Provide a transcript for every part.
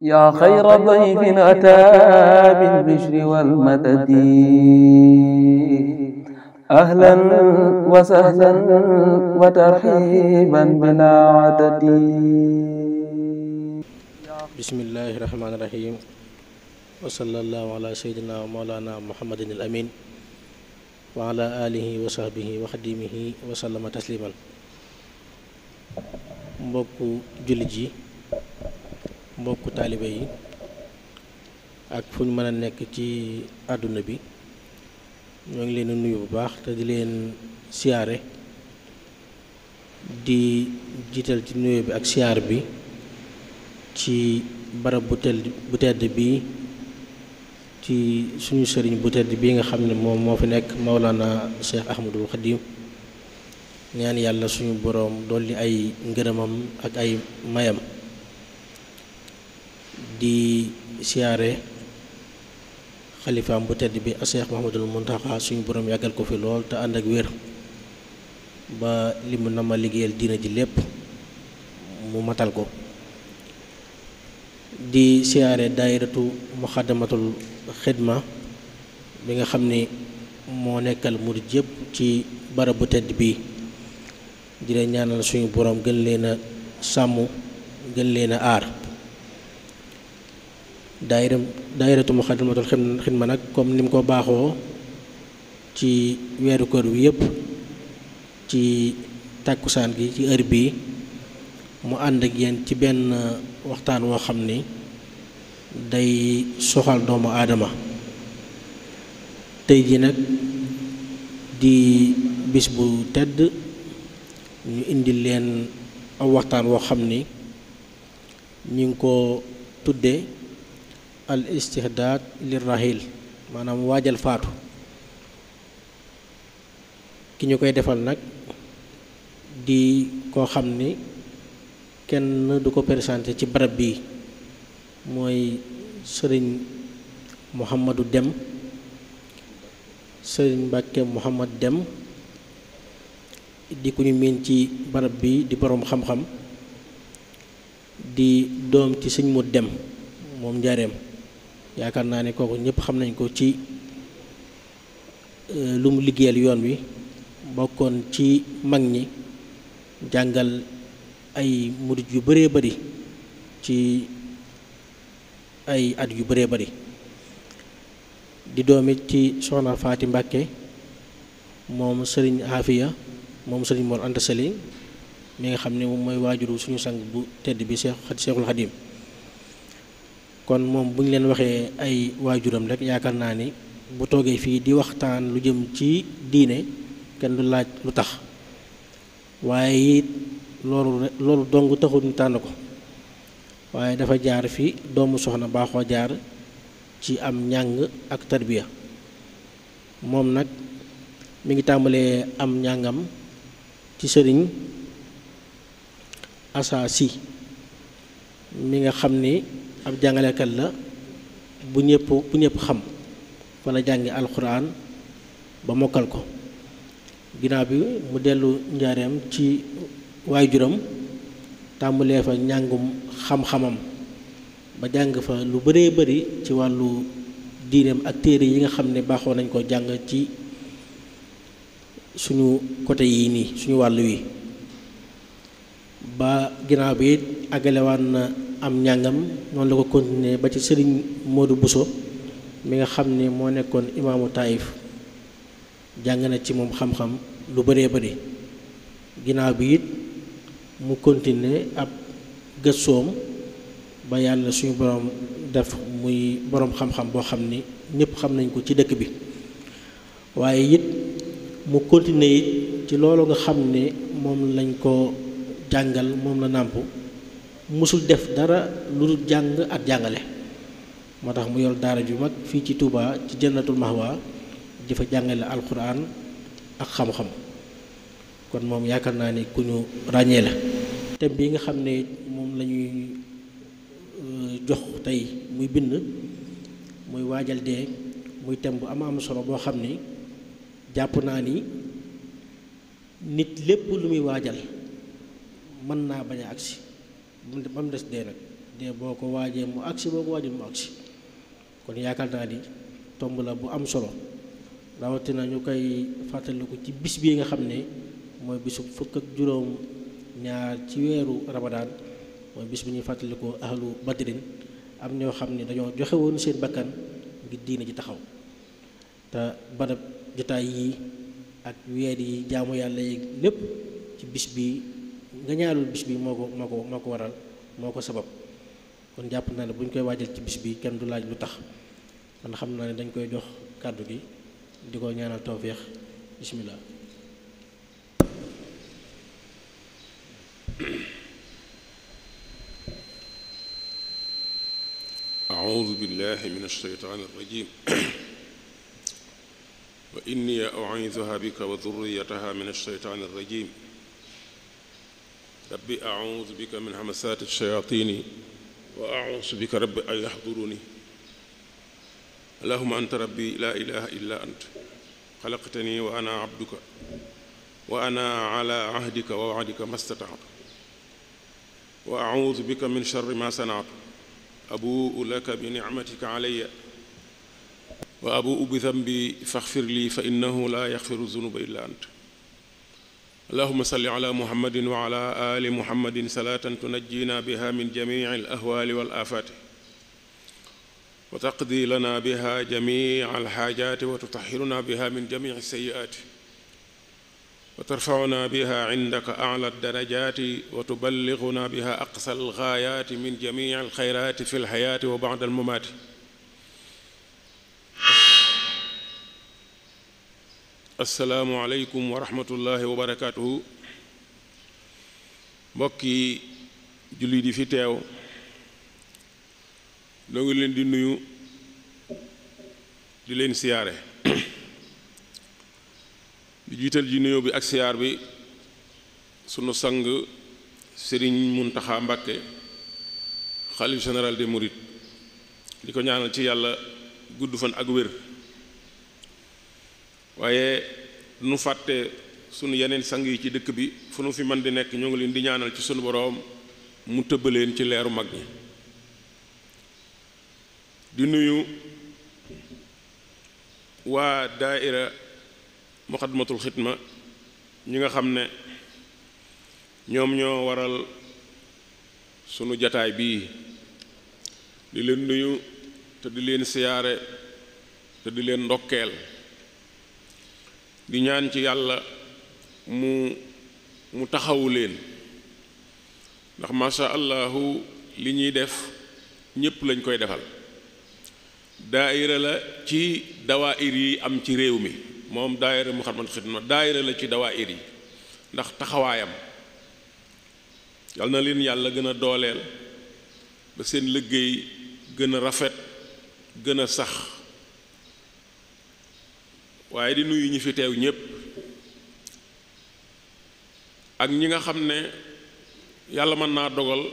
yaa xayra dayfin ataa bil bishri wal madadi ahlan wa sahlan wa tarxiiban bilaa adadi. mbokku taalibe yi ak fu ñu mën a nekk ci àdduna bi ñoo ngi leen di nuyu bu baax te di leen siyaare di jiital ci nuyu bi ak siyaar bi ci barab bu tedd bi ci suñu sëriñ bu tedd bi nga xam ne moom moo fi nekk Maulana Cheikh Ahmadul Khadim ñaan yàlla suñu boroom dolli ay ngërëmam ak ay mayam di siyaare xalifaam bu tedd bi a Cheikh Mouhamadoul suñu borom yàggal ko fi lool te ànd ak wér ba li mu na ma liggéeyal diina ji lépp mu matal ko di siyaare daayiratu muxaddamatul xidma bi nga xam ni moo nekkal murid yëpp ci barab bu tedd bii di leen ñaanal suñu boroom gën leen sàmm gën leen a aar daayira daayiratu Muxaddamatul Xidma nag comme ni mu ko baaxoo ci weeru kër wi yëpp ci tàkkusaan gi ci heure bi mu ànd ak yéen ci benn waxtaan woo xam ni day soxal doomu aadama tey ji nag di bis bu tedd ñu indi leen aw waxtaan woo xam ni ñu ngi ko tudde al istihdaad lirrahil maanaam waajal faatu ki ñu koy defal nag di koo xam ni kenn du ko présenté ci barab bi mooy sëriñ Mouhamadou Dem sëriñ Mbàkke Mouhamad Dem di ku ñu miin ci barab bi di boroom xam-xam di doom ci sëñ mu Dem moom njaareem yaakaar naa ne kooku ñëpp xam nañ ko ci euh, lu mu liggéeyal yoon wi bokkoon ci mag ñi jàngal ay murit yu baree bari ci ay at yu baree bari di doom it ci soxna Faati Mbàkke moom sëriñ Afiya moom sëriñ Mor Anta Sali mi nga xam ne moom mooy waajuru suñu sang bu tedd bi Seexul Xadiim kon moom bu ñu leen waxee ay waajuram rek yaakaar naa ni bu toogee fii di waxtaan lu jëm ci diine kenn du laaj lu tax waaye it loolu loolu dong taxul ñu tànn ko waaye dafa jaar fi doomu soxna baaxoo jaar ci am njàng ak tarbiya moom nag mu ngi tàmbalee am njàngam ci sëriñ si mi nga xam ni ab jàngalekat la bu ñëpp bu ñëpp xam fa la jàngi alxuraan ba mokkal ko ginnaaw bi mu dellu njaareem ci waajuram tàmbalee fa njàngum xam-xamam ba jàng fa lu bëree bëri ci wàllu diineem ak téere yi nga xam ne baaxoo nañ ko jàng ci suñu côté yii nii suñu wàll wi ba ginnaaw bi àggalewaan na am njàngam noonu la ko continuer ba ci sëriñ Modou Bousso mi nga xam ne moo nekkoon imaamu Taïf jàng na ci moom xam-xam lu bëree bëri ginnaaw bi it mu continuer ab gëstoom ba yàlla suñu borom def muy boroom xam-xam boo xam ni ñëpp xam nañ ko ci dëkk bi waaye it mu continuer it ci loolu nga xam ne moom lañ ko jàngal moom la nàmpu musul def dara lu jàng ak jàngale moo tax mu yor daara ju mag fii ci Touba ci jannatul mahwa di fa jàngale alxuraan ak xam-xam kon moom yaakaar naa ni ku ñu ràññee la thème bi nga xam ne moom la euh, jox tey muy bind muy waajal dee muy thème bu am am solo boo xam ne jàpp naa ni nit lépp lu muy waajal mën naa bañ a agsi ba mu des dee nag dee boo ko waajee mu agsi boo ko waajee mu agsi kon yaakaar naa ni tomb la bu am solo na ñu koy fàttaliku ci bis bii nga xam ne mooy bisu fukk ak juróom ñaar ci weeru ramadaan mooy bis bi ñuy fàttaliku ahlu badrin am ñoo xam ne dañoo joxewoon seen bakkan ngir diina ji taxaw te barab jotaay yi ak weer yi jaamu yàlla yi lépp ci bis bi gañaalul bis bi moo ko moo ko moo ko waral moo ko sabab kon jàpp naa ne buñ koy waajal ci bis bi kenn du laaj lu tax man xam naa ne dañ koy jox kàddu gi di ko ñaanal tawféex bisimilah. rabbi auzu bika min hamasaati shayaatini wa auzu bika rabbi an yaxduruni allahuma anta rabbi laa ilaha illa ant xalaqtani wa ana abduka wa ana ala ahdika wa waadika mastataatu wa auzu bika min charri ma sanaatu abuu laka bi nicmatika alaya wa abuu bi dambi faxfir lii fa innahu laa yaxfiru zunuba illa ant allahuma salli ala muhammadin wa ala ali muhammadin salaatan tunajjina biha min jamici alahwaali wal aafaati wa taqdi lana biha jamic alxaajaati wa tutahiruna biha min jamici sayiaati wa tarfacuna biha cindaka acla aldarajaati wa tuballiguna biha aqsa algaayaati min jamici alxayraati fi lxayaati wa bacda almamaati asalaamualeykum wa rahmatullahi wa barakaatuhu mbokki jullit yi fi teew noo ngi leen di nuyu di leen siyaare di jiital ji nuyu bi ak siyaar bi sunu sang sëriñ Muntaxa Mbàkke xalif général des murit di ko ñaanal ci yàlla gudd fan ak wér waaye nu fàtte sunu yeneen sang yi ci dëkk bi fu nu fi man di nekk ñoo ngi leen di ñaanal ci sunu boroom mu leen ci leeru mag ñi di nuyu waa daaira muxadmatul xidma ñi nga xam ne ñoom ñoo waral sunu jataay bii di leen nuyu te di leen siyaare te di leen ndokkeel di ñaan ci yàlla mu mu taxawu leen ndax masha allahu li ñuy def ñépp lañ koy defal daayira la ci dawaa dawaayir yi am ci réew mi moom daayira Muxaddamatul Xidma daayira la ci dawaayir yi ndax taxawaayam yal na leen yàlla gën a dooleel ba seen liggéey gën a rafet gën a sax waaye di nuyu ñi fi teew ñépp ak ñi nga xam ne yàlla mën naa dogal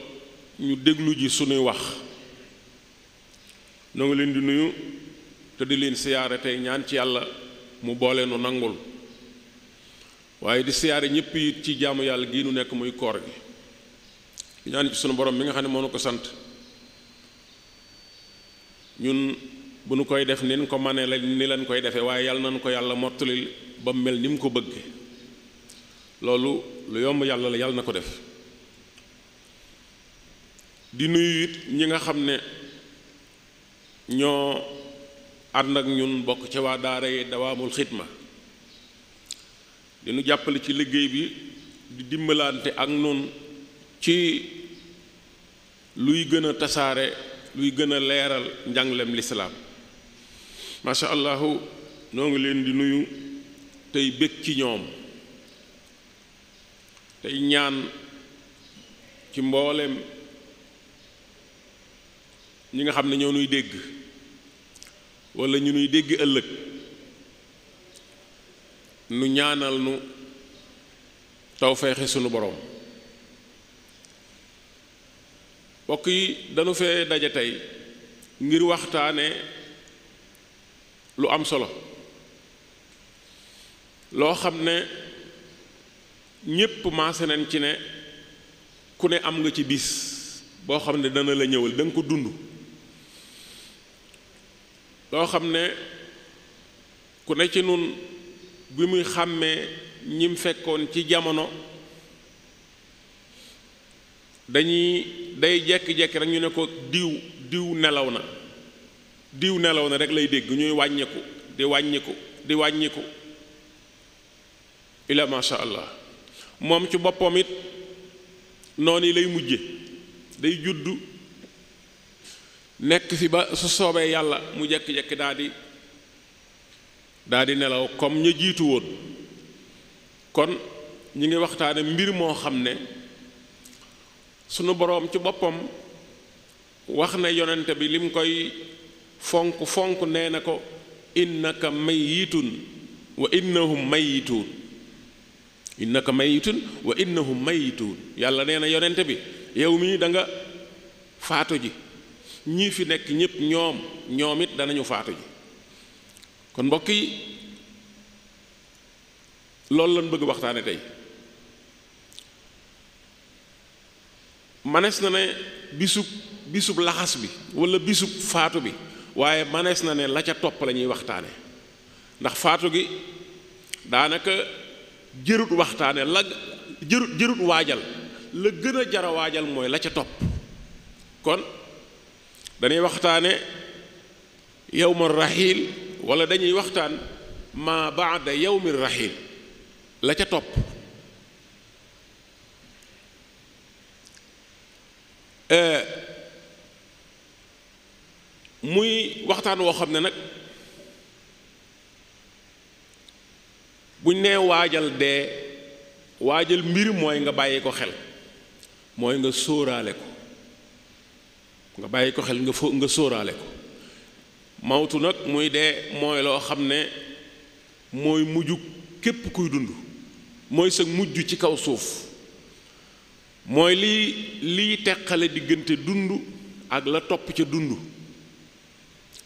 ñu déglu ji sunuy wax noo ngi leen di nuyu te di leen siyaare tey ñaan ci yàlla mu boole nu nangul waaye di siyaare ñépp it ci jaamu yàlla gii nu nekk muy koor gi ñaan ci sunu borom mi nga xam ne moo na ko sant ñun bu nu koy def nin ko manee la ni leen koy defee waaye yàlla nañu ko yàlla mottali ba mu mel ni mu ko bëgge loolu lu yomb yàlla la yàlla na ko def di nuyu it ñi nga xam ne ñoo ànd ak ñun bokk ci waa daara yi dawaamul xidma di nu jàppale ci liggéey bi di dimbalante ak noonu ci luy gën a tasaare luy gën a leeral njànglem lislaam macha allah ñoo ngi leen di nuyu tey bég ci ñoom tey ñaan ci mboolem ñi nga xam ne ñoo nuy dégg walla ñu nuy dégg ëllëg nu ñaanal nu tawfeexi sunu borom mbokk yi dañu fee daje tey ngir waxtaane lu am solo loo xam ne ñépp maase nañ ci ne ku ne am nga ci bis boo xam ne dana la ñëwal da ko dund loo xam ne ku ne ci nun bi muy xàmmee ñim fekkoon ci jamono dañuy day jekki-jekki rek ñu ne ko diw diw nelaw na diw nelaw na rek lay dégg ñuy wàññiku di wàññiku di wàññiku ila masha allah moom ci boppam it noonu lay mujje day juddu nekk fi ba su soobee yàlla mu jekki-jekki daa di nelaw comme ñu jiitu woon kon ñu ngi waxtaane mbir moo xam ne sunu boroom ci boppam wax na yonent bi lim koy fonk fonk nee na ko innaka mayitun wa innahum mayituun innaka mayitun wa innahum mayituun yàlla nee na yonente bi yow mii danga faatu ji ñii fi nekk ñépp ñoom ñoom it danañu faatu ji kon mbokk yi loolu lañ bëgg waxtaane tey manes na ne bisub bisub laxas bi walla bisub faatu bi waaye manees na ne la ca topp lañuy waxtaane ndax faatu gi daanaka jërut waxtaane la jërut jërut waajal la gën a jara waajal mooy la ca topp kon dañuy waxtaane yowma raxiil wala dañuy waxtaan ma baada yowmi raxiil la ca topp euh, muy waxtaan woo xam ne nag buñ nee waajal dee waajal mbir mooy nga bàyyi ko xel mooy nga sóoraale ko nga bàyyi ko xel nga fo nga sóoraale ko mawtu nag muy dee mooy loo xam ne mooy mujj képp kuy dund mooy sa mujj ci kaw suuf mooy lii liy teqale diggante dund ak la topp ca dund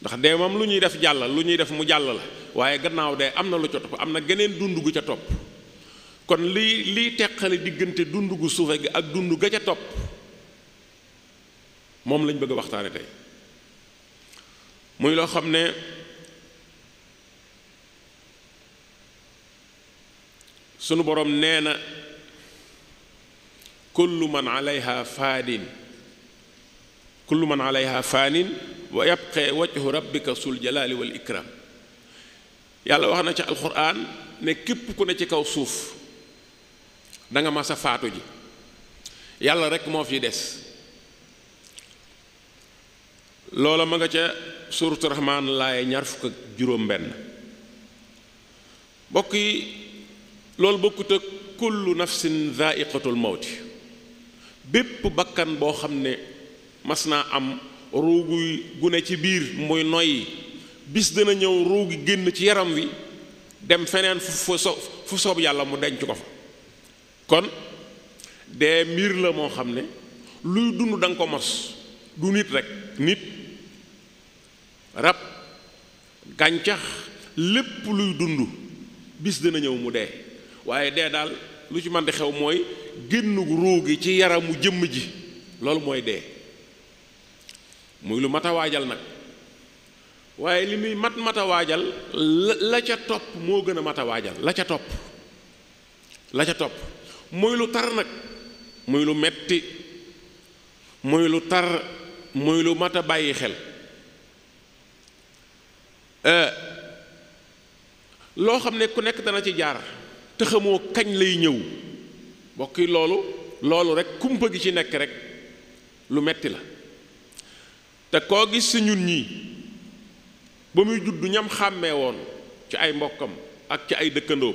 ndax dee moom lu ñuy def jàll lu ñuy def mu jàll la waaye gannaaw dee am na lu ca topp am na geneen dund gu ca topp kon lii lii teqale diggante dund gu suufe gi ak dund ga ca topp moom lañ bëgg a waxtaane tey muy loo xam ne sunu boroom nee na kullu man alayha faadin kullu man alayha faanin wa yabqa wajhu rabbika sul jalaali wal yàlla wax na ca alquran ne képp ku ne ci kaw suuf danga nga mas a faatu ji yàlla rekk moo fi des loola ma nga ca suuratu rahmaan laay ñaar juróom benn mbokk yi loolu bokkut ak kullu nafsin dhaaiqatul mawti bépp bakkan boo xam ne mas naa am ruugu gune ci biir muy noyyi bis dana ñëw ruugi génn ci yaram wi dem feneen fu fu soob yàlla mu denc ko fa kon dee mbir la moo xam ne luy dund danga ko mos du nit rek nit rab gàncax lépp luy dund bis dana ñëw mu dee waaye dee daal lu ci mën di xew mooy génn ruu gi ci yaramu jëmm ji loolu mooy dee muy lu mat a waajal nag waaye li muy mat mat a waajal la ca topp moo gën a mat a waajal la ca topp la ca topp muy lu tar nag muy lu metti muy lu tar muy lu mat a bàyyi xel euh, loo xam ne ku nekk dana ci jaar te kañ lay ñëw bokki loolu loolu rek kumpa gi ci nekk rek lu metti la te koo gis si ñun ñii ba muy judd ñam xàmmee woon ci ay mbokkam ak ci ay dëkkandoo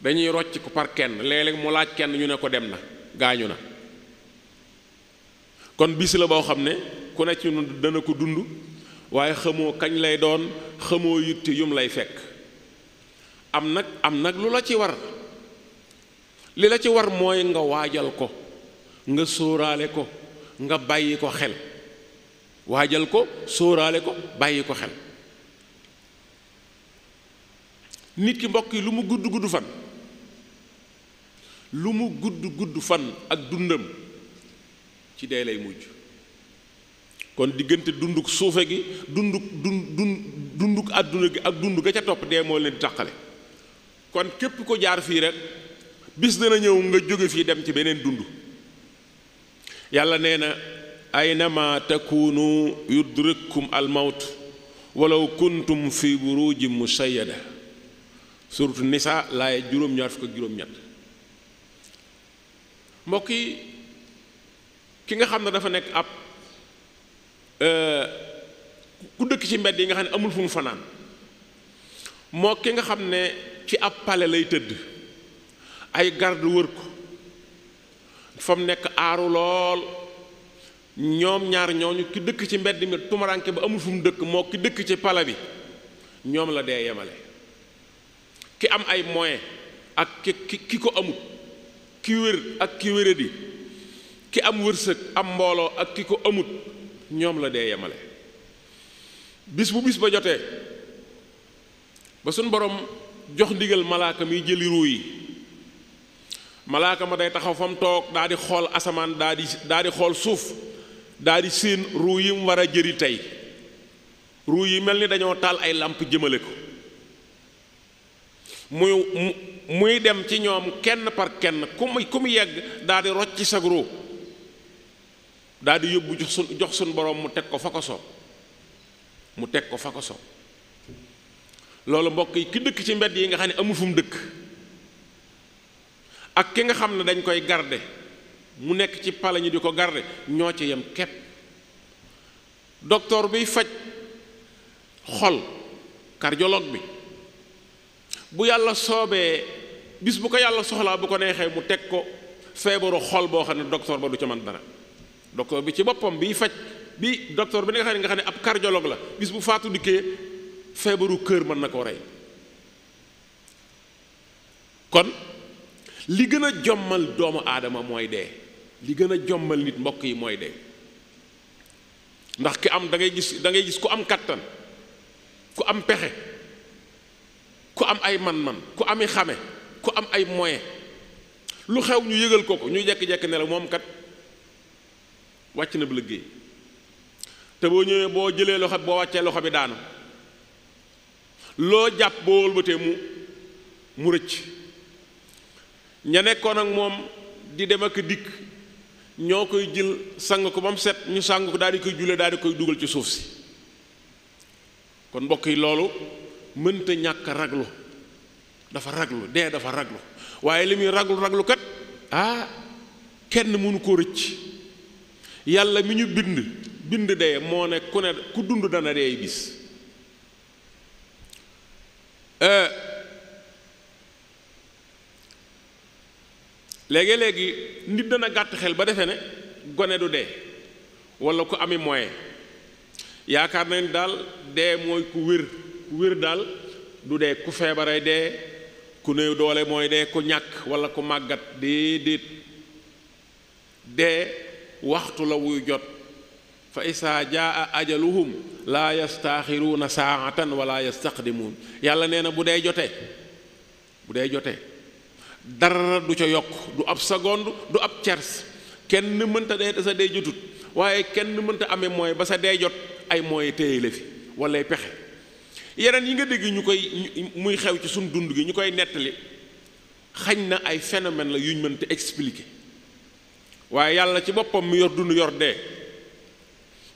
dañuy rocc ko par kenn léeg mu laaj kenn ñu ne ko dem na gaañu na kon bis la boo xam ne ku ne ci ñun dana ko dund waaye xamoo kañ lay doon xamoo yitte yum lay fekk am nag am nag lu la ci war li la ci war mooy nga waajal ko nga sóoraale ko nga bàyyi ko xel waajal ko sóoraale ko bàyyi ko xel nit ki mbokk yi lu mu gudd gudd fan lu mu gudd gudd fan ak dundam ci dee lay mujj kon diggante dunduk suufe gi dunduk dun dun dunduk àdduna gi ak dund ga ca topp dee moo leen di taqale kon képp ko jaar fii rek bis dana ñëw nga jóge fii dem ci beneen dund yàlla nee na aynama takunu yudrikkum almawt walaw kuntum fi burujin mushayyada suratu nisa laay juróom-ñaar fukk ak juróom-ñett mbokk yi ki nga xam ne dafa nekk ab euh, ku dëkk ci mbedd yi nga xam ne amul fu mu fanaan moo ki nga xam ne ci ab pale lay tëdd ay garde wër ko fa mu nekk aaru lool ñoom ñaar ñooñu ki dëkk ci mbedd mi tumaranke ba amul fu mu dëkk moo ki dëkk ci pala bi ñoom la dee yemale ki am ay moyen ak ki ki ko amut ki wér ak ki wéradi ki am wërsëg am mbooloo ak ki ko amut ñoom la dee yemale bis bu bis ba jotee ba suñ boroom jox diggal malaaka mi jëli ruu yi malaaka day taxaw fa mu toog daa di xool asamaan daa di di xool suuf daa di séen ruu yi mu war a jëri tey ruu yi mel ni dañoo taal ay làmp jëmale ko muy muy dem ci ñoom kenn par kenn ku mu ku mu yegg daa di rocc sag ruu daa di yóbbu jox sun jox sun boroom mu teg ko fa ko soob mu teg ko fa ko soob loolu mbokk yi ki dëkk ci mbedd yi nga xam ne amul fu mu dëkk ak ki nga xam ne dañ koy garde mu nekk ci pale ñu di ko garde ñoo ci yem képp docteur biy faj xol cardiologue bi bu yàlla soobee bis bu ko yàlla soxlaa bu ko neexee mu teg ko feebaru xol boo xam ne docteur ba du ca man dara docteur bi ci boppam biy faj bi docteur bi nga xam ne nga xam ne ab cardiologue la bis bu faatu dikkee feebaru kër mën na ko rey kon li gën a jommal doomu aadama mooy dee li gën a jommal nit mbokk yi mooy dee ndax ki am dangay gis dangay gis ku am kattan ku am pexe ku am ay man-man ku ami xame ku am ay moyen lu xew ñu yëgal ko ko ñu jekki-jekki ne la moom kat wàcc na bu liggéey te boo ñëwee boo jëlee loxo boo wàccee loxo bi daanu loo jàpp boo wëlbatee mu mu rëcc ña nekkoon ak moom di dem ak dikk ñoo koy jël sang ko ba mu set ñu sang ko daal di koy julle daal di koy dugal ci suuf si kon mbokk yi loolu mënta ñàkk raglu dafa raglu dee dafa raglu waaye li muy raglu raglu kat ah kenn mënu koo rëcc yàlla mu ñu bind bind dee moo ne ku ne ku dund dana dee bis. Euh, léegi-léegi nit dana gàtt xel ba defee ne gone du dee walla ku ami moyen yaakaar na ni daal dee mooy ku wér ku wér daal du dee ku feebaray dee ku néew doole mooy dee ku ñàkk wala ku màggat déedéet dee waxtu la wuy jot fa isaa jaa ajaluhum laa yastaaxiruuna saatan wala yastaqdimuun yàlla nee na bu dee jotee bu dee jotee dara du ca yokk du ab seconde du ab tiers kenn mënta dee te sa dee jotut waaye kenn mënta amee mooy ba sa dee jot ay mooy téye la fi wala pexe yeneen yi nga dégg ñu koy muy xew ci suñ dund gi ñu koy nettali xañ na ay phénomène la yuñ mënta expliquer waaye yàlla ci boppam mu yor dund yor dee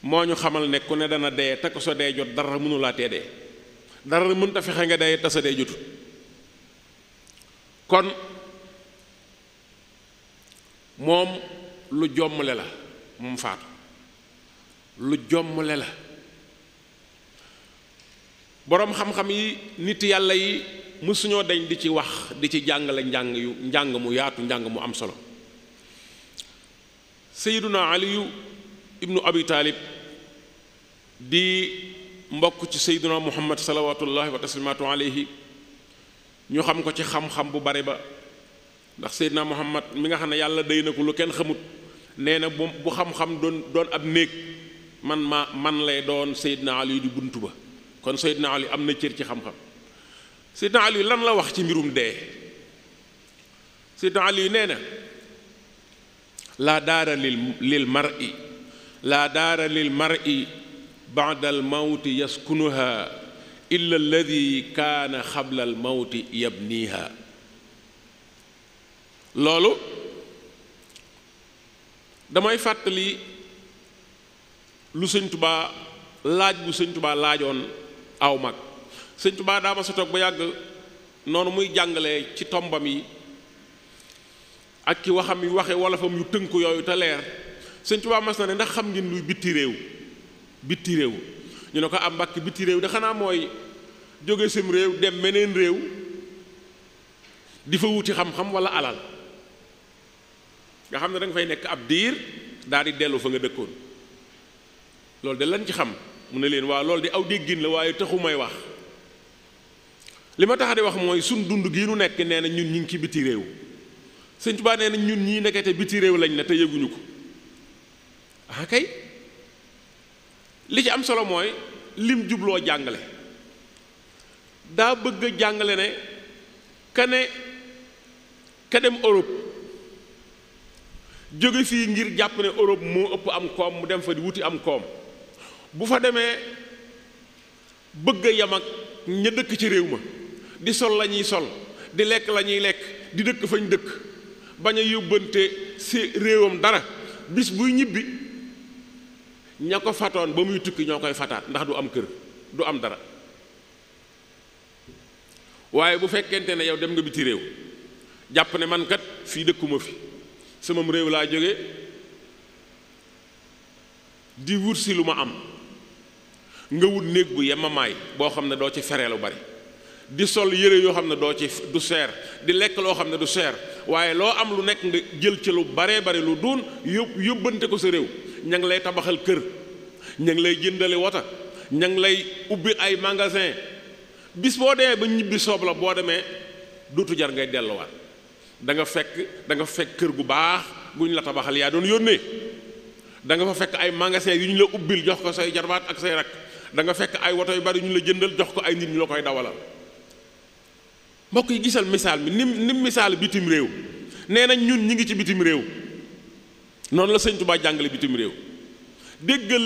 moo ñu xamal ne ku ne dana dee te ko sa dee jot dara mënulaa tee dee dara mënta fexe nga dee te sa dee jotut kon moom lu jommale la moom faatu lu jommale la boroom xam-xam yi nit yàlla yi mësuñoo deñ di ci wax di ci jàngale njàng yu njàng mu yaatu njàng mu am solo Seyduna Aliyu ibnu Abi Taalib di mbokk ci Seyduna Muhammad salawatullahi wa taslimaatu alayhi ñu xam ko ci xam-xam bu bare ba ndax Seydina Muhammad mi nga xam ne yàlla day na ko lu kenn xamut nee na bu bu xam-xam doon ab néeg man ma man lay doon Seydina Ali di bunt ba kon Seydina Ali am na cër ci xam-xam Seydina Ali lan la wax ci mbirum dee Seydina Ali nee na laa daara lil lil mar'i laa daara lil mar'i ba'da al mawti yaskunuha illa alladi kaana xabla al mawti yabniha loolu damay fàttali lu sëñ tubaa laaj bu sëñ tubaa laajoon aw mag sëñ tubaa daa ma sa ba yàgg noonu muy jàngale ci tombam yi ak ki waxam yu waxe wolofam yu tënk yooyu te leer sëñ tubaa mas na ne ndax xam ngeen luy bitti réew bitti réew ñu ne ko am ah, mbàkk bitti réew de xanaa mooy jóge sim réew dem meneen réew di fa wuti xam-xam wala alal nga xam ne da fay nekk ab diir daal di dellu fa nga dëkkoon loolu de lañ ci xam mu ne leen waa loolu di aw déggin la waaye taxu may wax li ma tax di wax mooy sun dund gii nu nekk nee na ñun ñu ngi ci biti réew Sëñ Tuubaa nee na ñun ñii nekkete biti réew lañ na te yëguñu ko ah kay li ci am solo mooy lim jubloo jàngale daa bëgg a jàngale ne ka ne ka dem Europe jóge fii ngir jàpp ne Europe moo ëpp am koom mu dem fa di wuti am koom bu fa demee bëgg a yam ak ña dëkk ci réew ma di sol la ñuy sol di lekk la ñuy lekk di dëkk fañ dëkk bañ a yóbbante si réewam dara bis buy ñibbi ña ko fatoon ba muy tukki ñoo koy fataat ndax du am kër du am dara waaye bu fekkente ne yow dem nga biti réew jàpp ne mankat fii dëkkuma fi sama réew laa jóge di wut si lu ma am nga wut néeg bu yemamaay boo xam ne doo ci fere lu bari di sol yére yoo xam ne doo ci du seer di lekk loo xam ne du seer waaye loo am lu nekk nga jël ci lu baree bari lu duun yób yóbbante ko sa réew ña ngi lay tabaxal kër ña ngi lay jëndale wota ña ngi lay ubbi ay magasin bis boo demee ba ñibbi soob la boo demee dutu jar ngay delluwaat danga nga fekk danga nga fekk kër gu baax guñ la tabaxal yaa doon yónnee danga nga fa fekk ay magasin yu ñu la ubbil jox ko say jarbaat ak say rak danga fekk ay woto yu bari ñu la jëndal jox ko ay nit ñu la koy dawalal mbokk yi gisal misaal mi nim nim misaal bitim réew nee nañ ñun ñi ngi ci bitim réew noonu la sëñ Tuubaa jàngale bitim réew déggal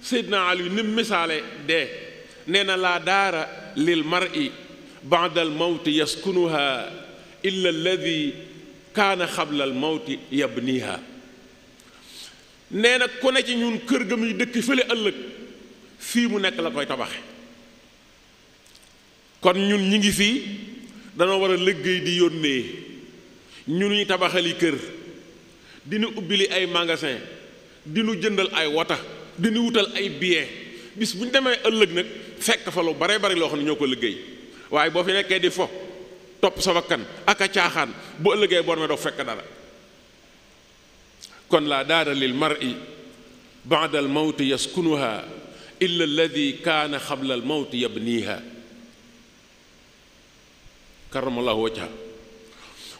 Seydina Ali nim misaale dee nee na laa daara lil mar'i ba'dal mawti yaskunuha illa alladi kaana xablal mawti yabniha nee na ku ne ci ñun kër ga muy dëkk fële ëllëg fii mu nekk la koy tabaxe kon ñun ñi ngi fii danoo war a liggéey di yónnee ñu ñuy tabaxali kër di nu ubbili ay magasin di nu jëndal ay wata di nu wutal ay billet bis bu ñu demee ëllëg nag fekk fa lu bare bari loo xam ne ñoo ko liggéey waaye boo fi nekkee di fo topp sa bakkan ak a caaxaan bu ëllëgee bor me doo fekk dara kon laa daara lil mar'i ba'da al mawti yaskunuha illa alladi kaana xabla al mawti yabniha karamallahu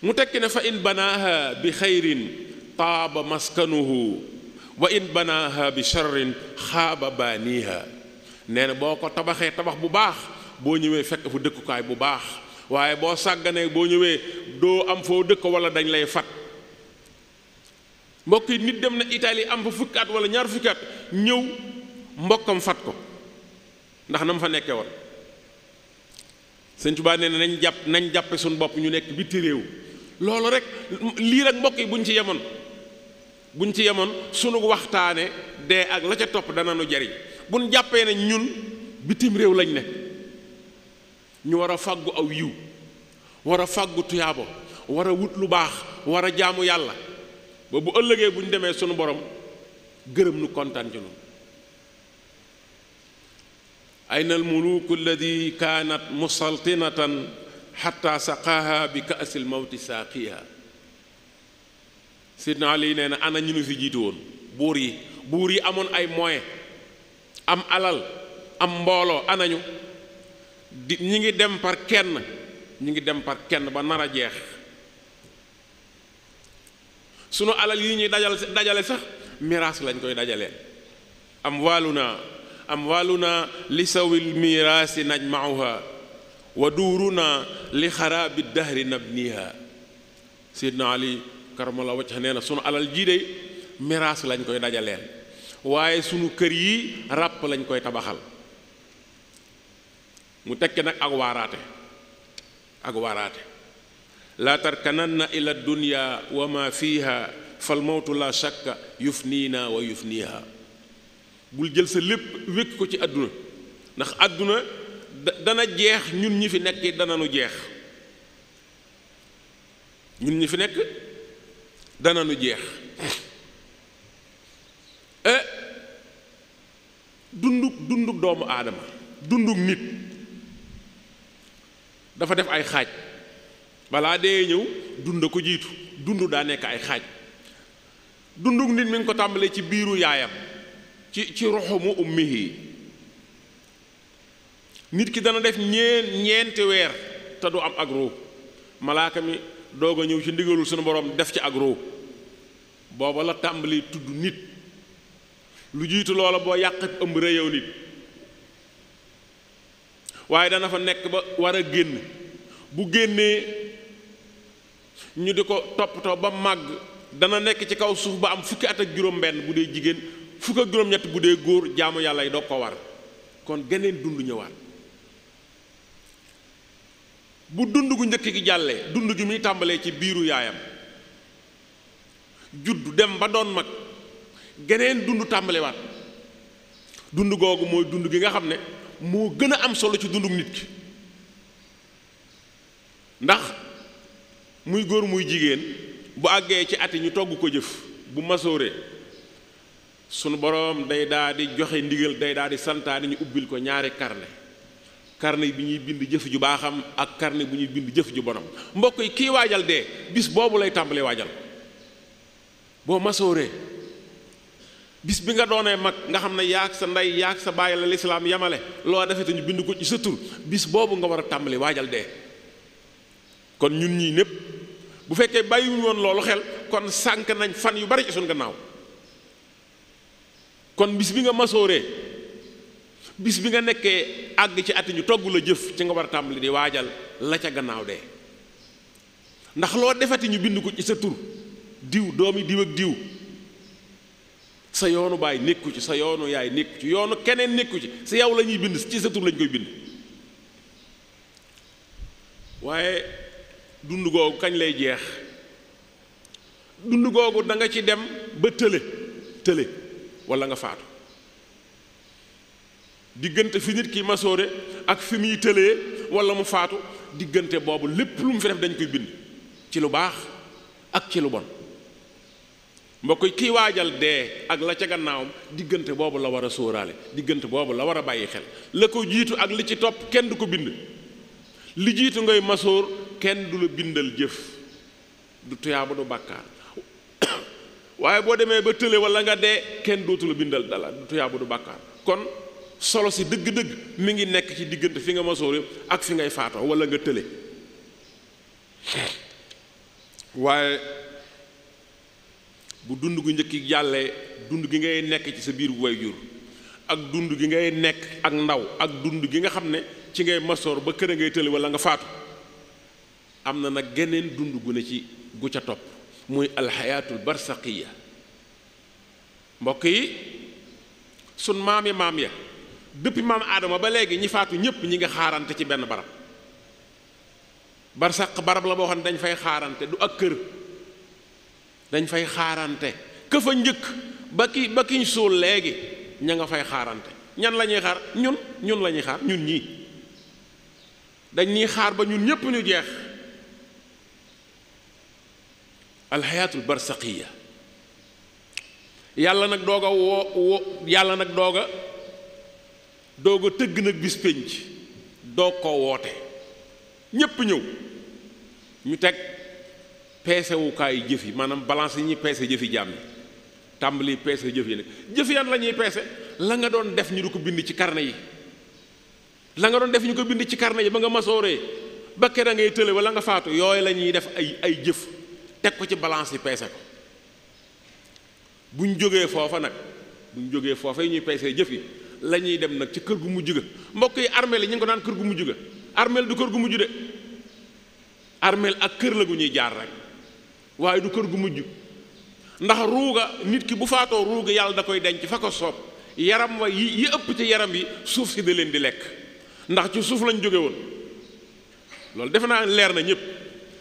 mu tekki ne fa in banaaha bi xayrin taaba maskanuhu wa in banaaha bi charrin xaaba baaniha nee na boo ko tabaxee tabax bu baax boo ñëwee fekk fu dëkkukaay bu baax waaye boo sàgganee boo ñëwee doo am foo dëkk wala dañ lay fat mbokk yi nit dem na Italie am fa fukki at wala ñaar fukki at ñëw mbokkam fat ko ndax na mu fa nekkee woon sëñ Tuubaa nee na nañ jàpp nañ jàppe suñu bopp ñu nekk bitti réew loolu rek lii rek mbokk yi buñ ci yemoon buñ ci yemoon sunu waxtaane de ak la ca topp dana nu jariñ buñ jàppee nañ ñun bitim réew lañ ne ñu war a fàggu aw yiw war a fàggu tuyaabo war a wut lu baax war a jaamu yàlla ba bu ëllëgee bu ñu demee sunu borom gërëm nu kontaan ci noonu ayna almuluku alladi kaanat musaltinatan xatta saqaaha bi kaasil mawti saaqiha sidna ali nee na ana ñu nu fi jiitu woon buur yi buur yi amoon ay moyen am alal am mbooloo anañu di ñi ngi dem par kenn ñu ngi dem par kenn ba nar a jeex sunu alal yi ñuy dajal dajale sax miraas lañ koy dajale am wàllu naa am wàllu naa li sawil miraasi najmauha wa duuru naa li xaraabi dahri nabniha sidna ali karamala wacc nee na sunu alal jii de miraas lañ koy dajaleel waaye sunu kër yi ràpp lañ koy tabaxal mu tekke nag ak waaraate ak waaraate kanan na ila dunya wa ma fiha fal mawtu la shakka yufniina wa yufniha bul jël sa lépp wékk ko ci àdduna ndax àdduna dana jeex ñun ñi fi nekk dana nu jeex ñun ñi fi nekk dana nu jeex eh, dunduk dunduk doomu aadama dunduk nit dafa def ay xaaj balaa dee ñëw dund ko jiitu dund daa nekk ay xaaj dunduk nit mi ngi ko tàmbalee ci biiru yaayam ci ci ruxumu ummihi nit ki dana def ñeen ñeenti weer te du am ak ruu malaaka mi doog a ñëw ci ndigalul suñu borom def ci ak ruu booba la tàmbali tudd nit lu jiitu loola boo yàq ëmb réyow nit waaye dana fa nekk ba war a génn bu génnee ñu di ko toppatoo ba màgg dana nekk ci kaw suuf ba am fukki at ak juróom-benn bu dee jigéen fukk ak juróom-ñett bu dee góor jaamu yàlla yi doo ko war kon geneen dund ñëwaat bu dund gu njëkk gi jàllee dund ju muy tàmbalee ci biiru yaayam juddu dem ba doon mag geneen dund tàmbaliwaat dund googu mooy dund gi nga xam ne moo gën a am solo ci dundum nit ndax muy góor muy jigéen bu àggee ci ati ñu togg ko jëf bu masooree sunu boroom day daadi joxe ndigal day daa di santaane ñu ubbil ko ñaari carnet carnet bi ñuy bind jëf ju baaxam ak carnet bu ñuy bind jëf ju bonam mbokk yi kii waajal dee bis boobu lay tàmbalee waajal boo masóoree bis bi nga doonee mag nga xam ne yaag sa ndey yaag sa bàyyi la lislaam yemale loo defee te ñu bind ko ci sa tur bis boobu nga war a tàmbali waajal de kon ñun ñii népp bu fekkee bàyyiwuñu woon loolu xel kon sànk nañ fan yu bari ci suñ gannaaw kon bis bi nga masooree bis bi nga nekkee àgg ci ati ñu togg la jëf ci nga war a tàmbali di waajal la ca gannaaw de ndax loo defati ñu bind ko ci sa tur diw doomi diw ak diw sa yoonu baay nekku ci sa yoonu yaay nekku ci yoonu keneen nekku ci si yow lañuy ñuy bind ci sa tur lañ koy bind waaye dund googu kañ lay jeex dund googu danga ci dem ba tële tële walla nga faatu diggante fi nit ki masoore ak fi muy tële walla mu faatu diggante boobu lépp lu mu fi def dañ koy bind ci lu baax ak ci lu bon mbokk yi kii waajal dee ak la ca gannaawam diggante boobu la war a sóoraale diggante boobu la war a bàyyi xel la ko jiitu ak li ci topp kenn du ko bind li jiitu ngay masóor kenn du la bindal jëf du tuyaaba du bàkkaar waaye boo demee ba tële wala nga dee kenn dootu la bindal dala du tuyaaba du bàkkaar kon solo si dëgg-dëgg mi ngi nekk ci diggante fi nga masóor ak fi ngay faatoo wala nga tële waaye bu dund gu njëkk jàllee dund gi ngay nekk ci sa biir way jur ak dund gi ngay nekk ak ndaw ak dund gi nga xam ne ci ngay masoor ba kër a ngay tëli wala nga faatu am na nag geneen dund gu ne ci gu ca topp muy alxayaatul barsaqiya mbokk yi sun maam ya maam ya dëppi maam aadama ba léegi ñi faatu ñépp ñi nga xaarante ci benn barab barsaq barab la boo xam ne dañ fay xaarante du ak kër dañ fay xaarante ka fa njëkk ba ki ba kiñ suul léegi ña nga fay xaarante ñan la ñuy xaar ñun ñun la xaar ñun ñii dañ ñuy xaar ba ñun ñépp ñu jeex alxayaatul barsaqiya yàlla nag doog a woo woo yàlla nag doog a doog tëgg nag bis pénc doog koo woote ñépp ñëw ñu teg peesewukaayu jëf yi maanaam balance yi ñuy peese jëf yi jaam yi tàmbali peese jëf yi nag jëf yan la ñuy peese la nga doon def ñu di ko bind ci carnet yi la nga doon def ñu ko bind ci carnet yi ba nga masooree ba ke da ngay tële wala nga faatu yooyu la ñuy def ay ay jëf teg ko ci balance yi peese ko bu ñu jógee foofa nag bu ñu jógee foofa yi ñuy peesee jëf yi lañuy dem nag ci kër gu mu ga mbokk yi armeel yi ñu ngi ko naan kër gu mu ga armeel du kër gu mujj de armeel ak kër la gu ñuy jaar rek waaye du kër gu mujj ndax ruuga nit ki bu faatoo ruuga yàlla da koy denc fa ko soob yaram wa yi yi ëpp ci yaram yi suuf si da leen di lekk ndax ci suuf lañ jóge woon loolu defe naa leer na ñépp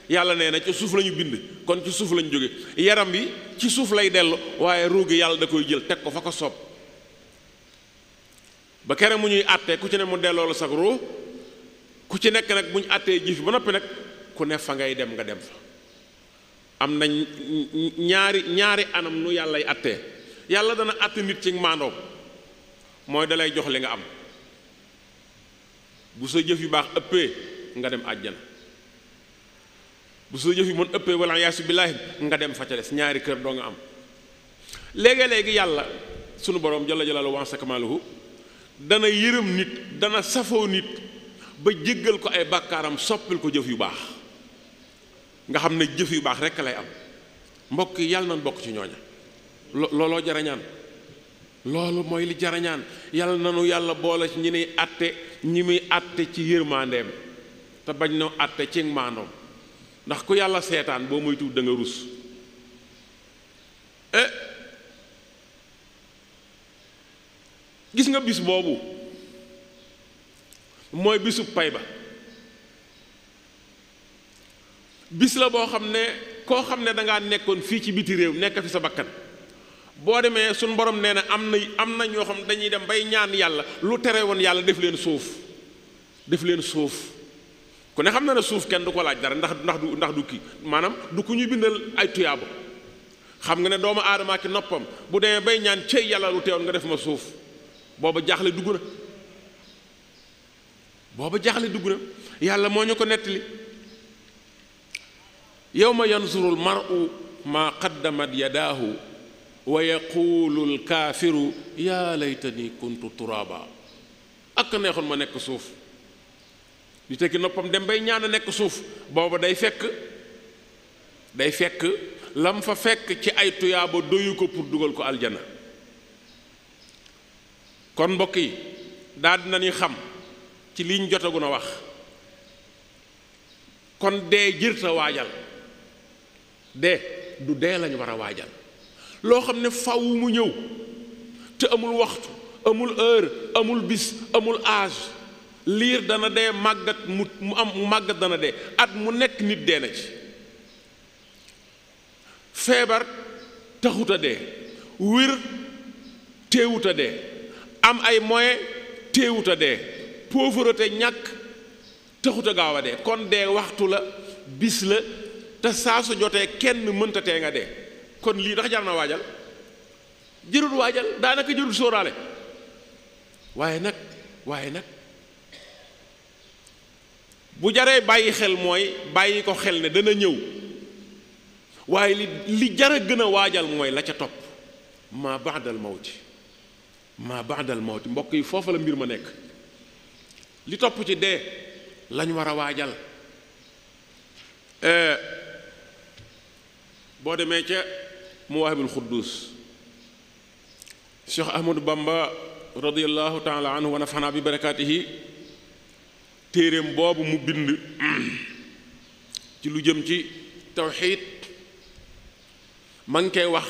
yàlla nee na ci suuf la bind kon ci suuf lañ jóge yaram bi ci suuf lay dellu waaye ruugi yàlla da koy jël teg ko fa ko soob ba kere mu ñuy àttee ku ci ne mu delloo la sax ruu ku ci nekk nag bu ñu àttee jëf ba noppi nag ku ne fa ngay dem nga dem fa am na ñaari ñaari anam nu yàllay attee yàlla dana atte nit ci maandoom mooy dalay jox li nga am bu sa jëf yu baax ëppee nga dem àjjana bu sa jëf yu mën ëppee wala yaasu billaahi nga dem fa ca ñaari kër doo nga am léegi-léegi yàlla sunu borom jalla jalaalu wa sakamaluhu dana yërëm nit dana safoo nit ba jéggal ko ay bàkkaaram soppil ko jëf yu baax nga xam ne jëf yu baax rekk lay am mbokk yi yàlla nañ bokk ci ñooña looloo jarañaan loolu mooy li jarañaan yàlla nanu yàlla boole ci ñi nuy àtte ñi muy àtte ci yërmandeem te bañ noo àtte ci maandoom ndax ku yàlla seetaan boo muy da danga rus eh gis nga bis boobu mooy bisu pay ba bis la boo xam ne koo xam ne danga nekkoon fii ci biti réew nekk fi sa bakkan boo demee suñ borom nee na am na am na ñoo xam dañuy dem bay ñaan yàlla lu tere woon yàlla def leen suuf def leen suuf ku ne xam na ne suuf kenn du ko laaj dara ndax ndax du ndax du kii maanaam du ku ñu bindal ay tuyaaba xam nga ne doomu aadama ki noppam bu demee bay ñaan cëy yàlla lu teewoon nga def ma suuf booba jaaxle dugg na booba jaaxle dugg na yàlla moo ñu ko nettali yowma yansuru lmaru maa qaddamat yadaahu wa yaquulu lkaafiru yaa laytani kuntu turaaba ak neexoon ma nekk suuf di tekki noppam dem bay ñaan nekk suuf booba day fekk day fekk lam fa fekk ci ay tuyaaba doyu ko pour dugal ko aljana kon mbokk yi daal dinañuy xam ci liñ jotagu na wax kon dee jër ta waajal dee du dee lañu war a waajal loo xam ne faw mu ñëw te amul waxtu amul heure amul bis amul age liir dana dee màggat mu mu am màggat dana de at mu nekk nit dee na ci feebar taxut a dee wir téewut am ay moyen téewut a dee pauvreté ñàkk taxut a gaaw a dee kon de waxtu la bis la te saa su jotee kenn mënta tee nga de kon lii ndax jar na waajal jërul waajal daanaka jërul sóoraale waaye nag waaye nag bu jaree bàyyi xel mooy bàyyi ko xel ne dana ñëw waaye li li jar a gën a waajal mooy la ca topp maa baadal mawti maa baadal mawti mbokk yi foofu la mbir ma nekk li topp ci de lañu war a waajal euh, boo demee ca muwaahibul xudduus cheikh ahmadou bamba radiallahu taala anhu wa nafanaa bi barakaatihi téeréem boobu mu bind ci lu jëm ci tawxiid ma ngi koy wax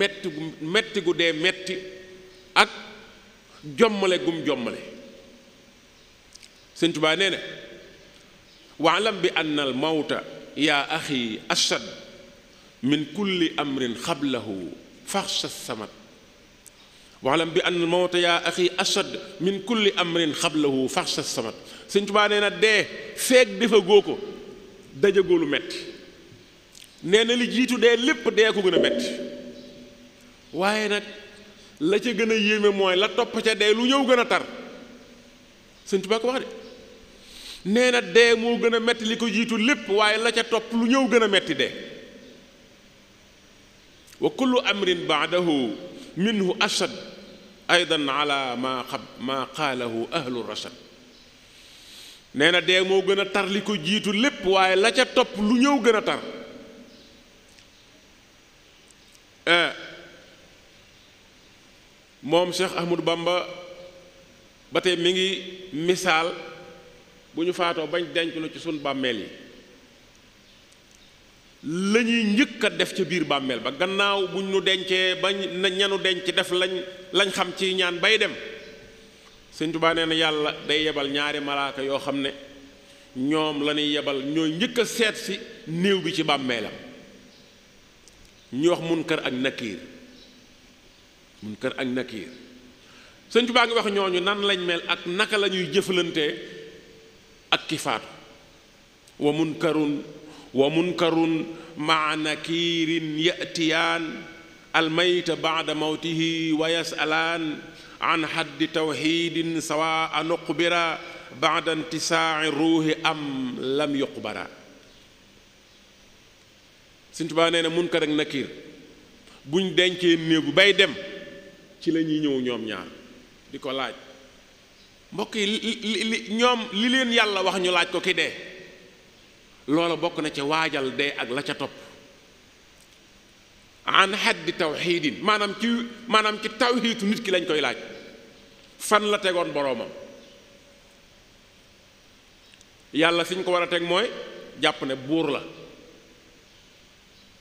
metti gu metti gu dee metti ak jommale gum jommale sëñ Tuubaa nee na waalam bi ann al mawta yaa axi ashad min kulli amrin xablahu faxsha samat waxlam bi an mawta yaa axi ashad min kulli amrin xablahu faxsha samat sëñ Tubaa nee na dee feeg defa goo ko dajagoo lu metti nee na li jiitu dee lépp dee ko gën a metti waaye nag la ca gën a yéeme mooy la topp ca dee lu ñëw gën a tar sëñ Tubaa ko wax de nee na dee moo gën a metti li ko jiitu lépp waaye la ca topp lu ñëw gën a metti de wa kullu amrin baadahu minhu ashad aydan ala maa xa maa qaalahu ahlu rashad nee na dee moo gën a tar li ko jiitu lépp waaye la ca topp lu ñëw gën a tar eh, moom Cheikh Ahmadou Bamba ba tey mi ngi misaal bu ñu faatoo bañ denc ci sunu bàmmeel yi lañuy njëkk a def ca biir bàmmeel ba gannaaw buñ nu dencee ba ñanu denc def lañ lañ xam ci ñaan bay dem sëñ Tuubaa nee na yàlla day yebal ñaari malaaka yoo xam ne ñoom la yebal ñooy njëkk a seet si néew bi ci bàmmeelam ñu wax mun kër nakiir munkar ak nakiir sëñ Tuubaa ngi wax ñooñu nan lañ mel ak naka lañuy ñuy jëflante ak ki faatu wa munkarun wa munkarun maa nakiirin yatiyaan almayta baada mawtihi wa yasalaan an xaddi tawxiidin sawa a nuqbira baada ruuxi am lam yuqbara Sëñ nee na munkar ak nakiir buñ dencee néegu bay dem ci la ñëw ñoom ñaar di ko laaj mbokk li li ñoom li leen yàlla wax ñu laaj ko ki dee loola bokk na ca waajal de ak la ca topp an xet di taw tawxiidin maanaam ci maanaam ci taw tawxiitu nit ki lañ koy laaj fan la tegoon boroomam yàlla fi ñu ko war a teg mooy jàpp ne buur la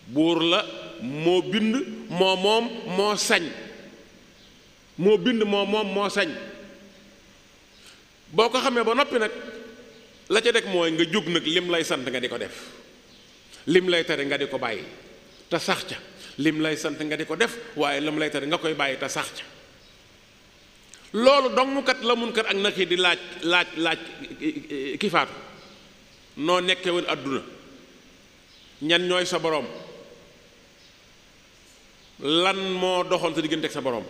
buur la moo bind moo moom moo sañ moo bind moo moom moo sañ boo ko xamee ba noppi nag la ca rek mooy nga jóg nag lim lay sant nga di ko def lim lay tere nga di ko bàyyi te sax ca lim lay sant nga di ko def waaye lim lay tere nga koy bàyyi te sax ca loolu dongkat la mun kat ak yi di laaj laaj laaj ki faatu noo nekkee woon àdduna ñan ñooy sa boroom lan moo doxoon sa diggante ak sa boroom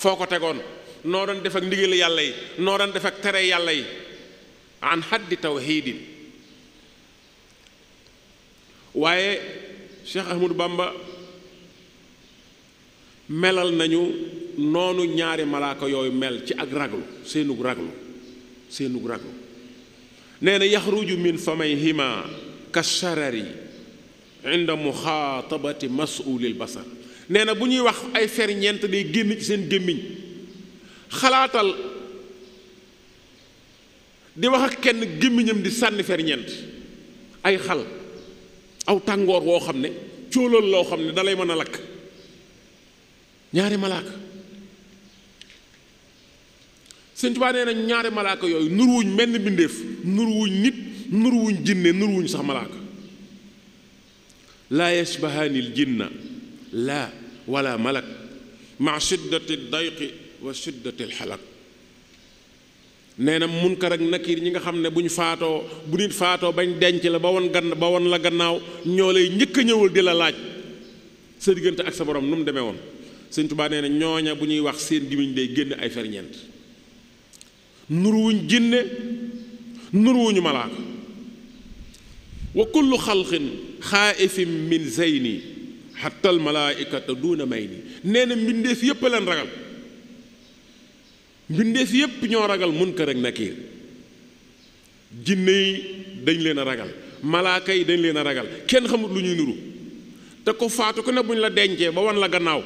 foo ko tegoon noo doon def ak ndigal yàlla yi noo doon def ak tere yàlla yi an xaddi tawxiidin waaye Cheikh Ahmadou Bamba melal nañu noonu ñaari malaaka yooyu mel ci ak raglu seenug raglu seenug raglu nee na yaxruju min famayhima kasharari inda muxaatabati masulil basar nee na bu ñuy wax ay ferñeent day génn ci seen gémmiñ xalaatal di wax ak kenn gémmiñam di sànni fer ay xal aw tàngoor woo xam ne cóolal loo xam ne dalay mën a lakk ñaari malaaka sëñ Tuubaa nee na ñaari malaaka yooyu nur wuñ menn mbindéef nur wuñ nit nur wuñ jinne nur wuñ sax malaaka laa yashbahaani ljinna laa wala malak ma shiddati dayqi wa shiddati alxalak nee na munkar ak nakiir ñi nga xam ne bu ñu faatoo bu nit faatoo bañ denc la ba won gann ba won la gannaaw ñoo lay njëkk a ñëwal di la laaj sa diggante ak sa borom nu mu demee woon sëñ Tuubaa nee na ñooña bu ñuy wax seen gimiñ day génn ay ferñeent nuruwuñ jinne nuruwuñu malaaka wa kullu xalqin xaaifin min zeyni xatta al du duuna may nii nee na mbindeef yépp leen ragal mbindeef yépp ñoo ragal mun munkar ak nakiir jinne yi dañ leen a ragal malaaka yi dañ leen a ragal kenn xamut lu ñuy nuru te ko faatu ku ne bu la dencee ba wan la gannaaw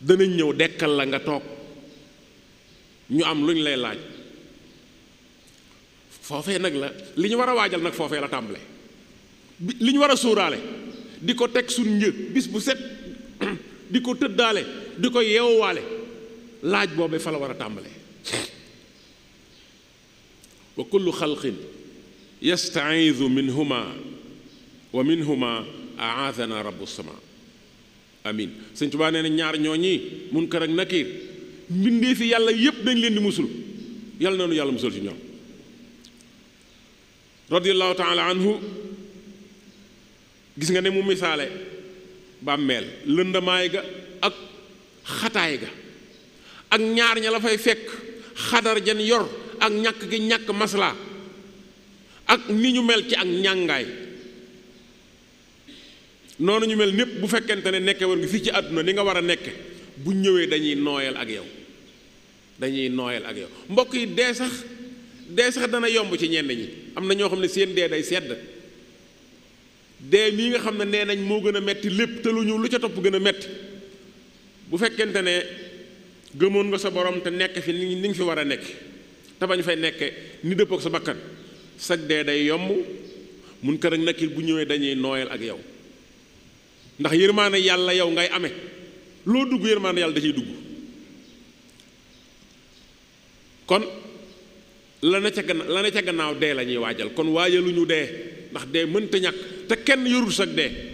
danañ ñëw dekkal la nga toog ñu am lu ñu lay laaj foofee nag la li ñu war a waajal nag foofee la tàmbale li ñu war a suuraale di ko teg suñ bis bu set di ko tëddaale di ko yeewuwaale laaj boobee fa la war a tàmbale wa kullu xalqin yastaidu minhuma wa minhuma aadana rabu amin sëñ Tuubaa na ñaar ñooñi munkar ak nakiir mbindee fi yàlla yépp dañ leen di musul yàlla na yàlla musul ci ñoom radiallahu taala anhu gis nga ne mu misaale bàmmeel lëndamaay ga ak xataay ga ak ñaar ña la fay fekk xadar jan yor ak ñakk gi ñàkk maslaa ak ni ñu mel ci ak ñàngaay noonu ñu mel népp bu fekkente ne nekke war ngi fii ci àdduna ni nga war a nekke bu ñëwee dañuy nooyal ak yow dañuy nooyal ak yow mbokk yi dee sax dee sax dana yomb ci ñenn ñi am na ñoo xam ne seen dee day sedd dee mii nga xam ne nee nañ moo gën a metti lépp te ñu lu ca topp gën a metti bu fekkente ne gëmoon nga sa borom te nekk fi ni ni nga fi war a nekk te bañ fay nekke ni dëppook sa bakkan sag dee day yomb mun kër ak nakkil bu ñëwee dañuy nooyal ak yow ndax yërmaane yàlla yow ngay ame loo dugg yërmaane yàlla da ciy dugg kon la na ca la na ca gannaaw dee la ñuy waajal kon waajaluñu dee ndax dee mënta ñàkk te kenn yorul sag dee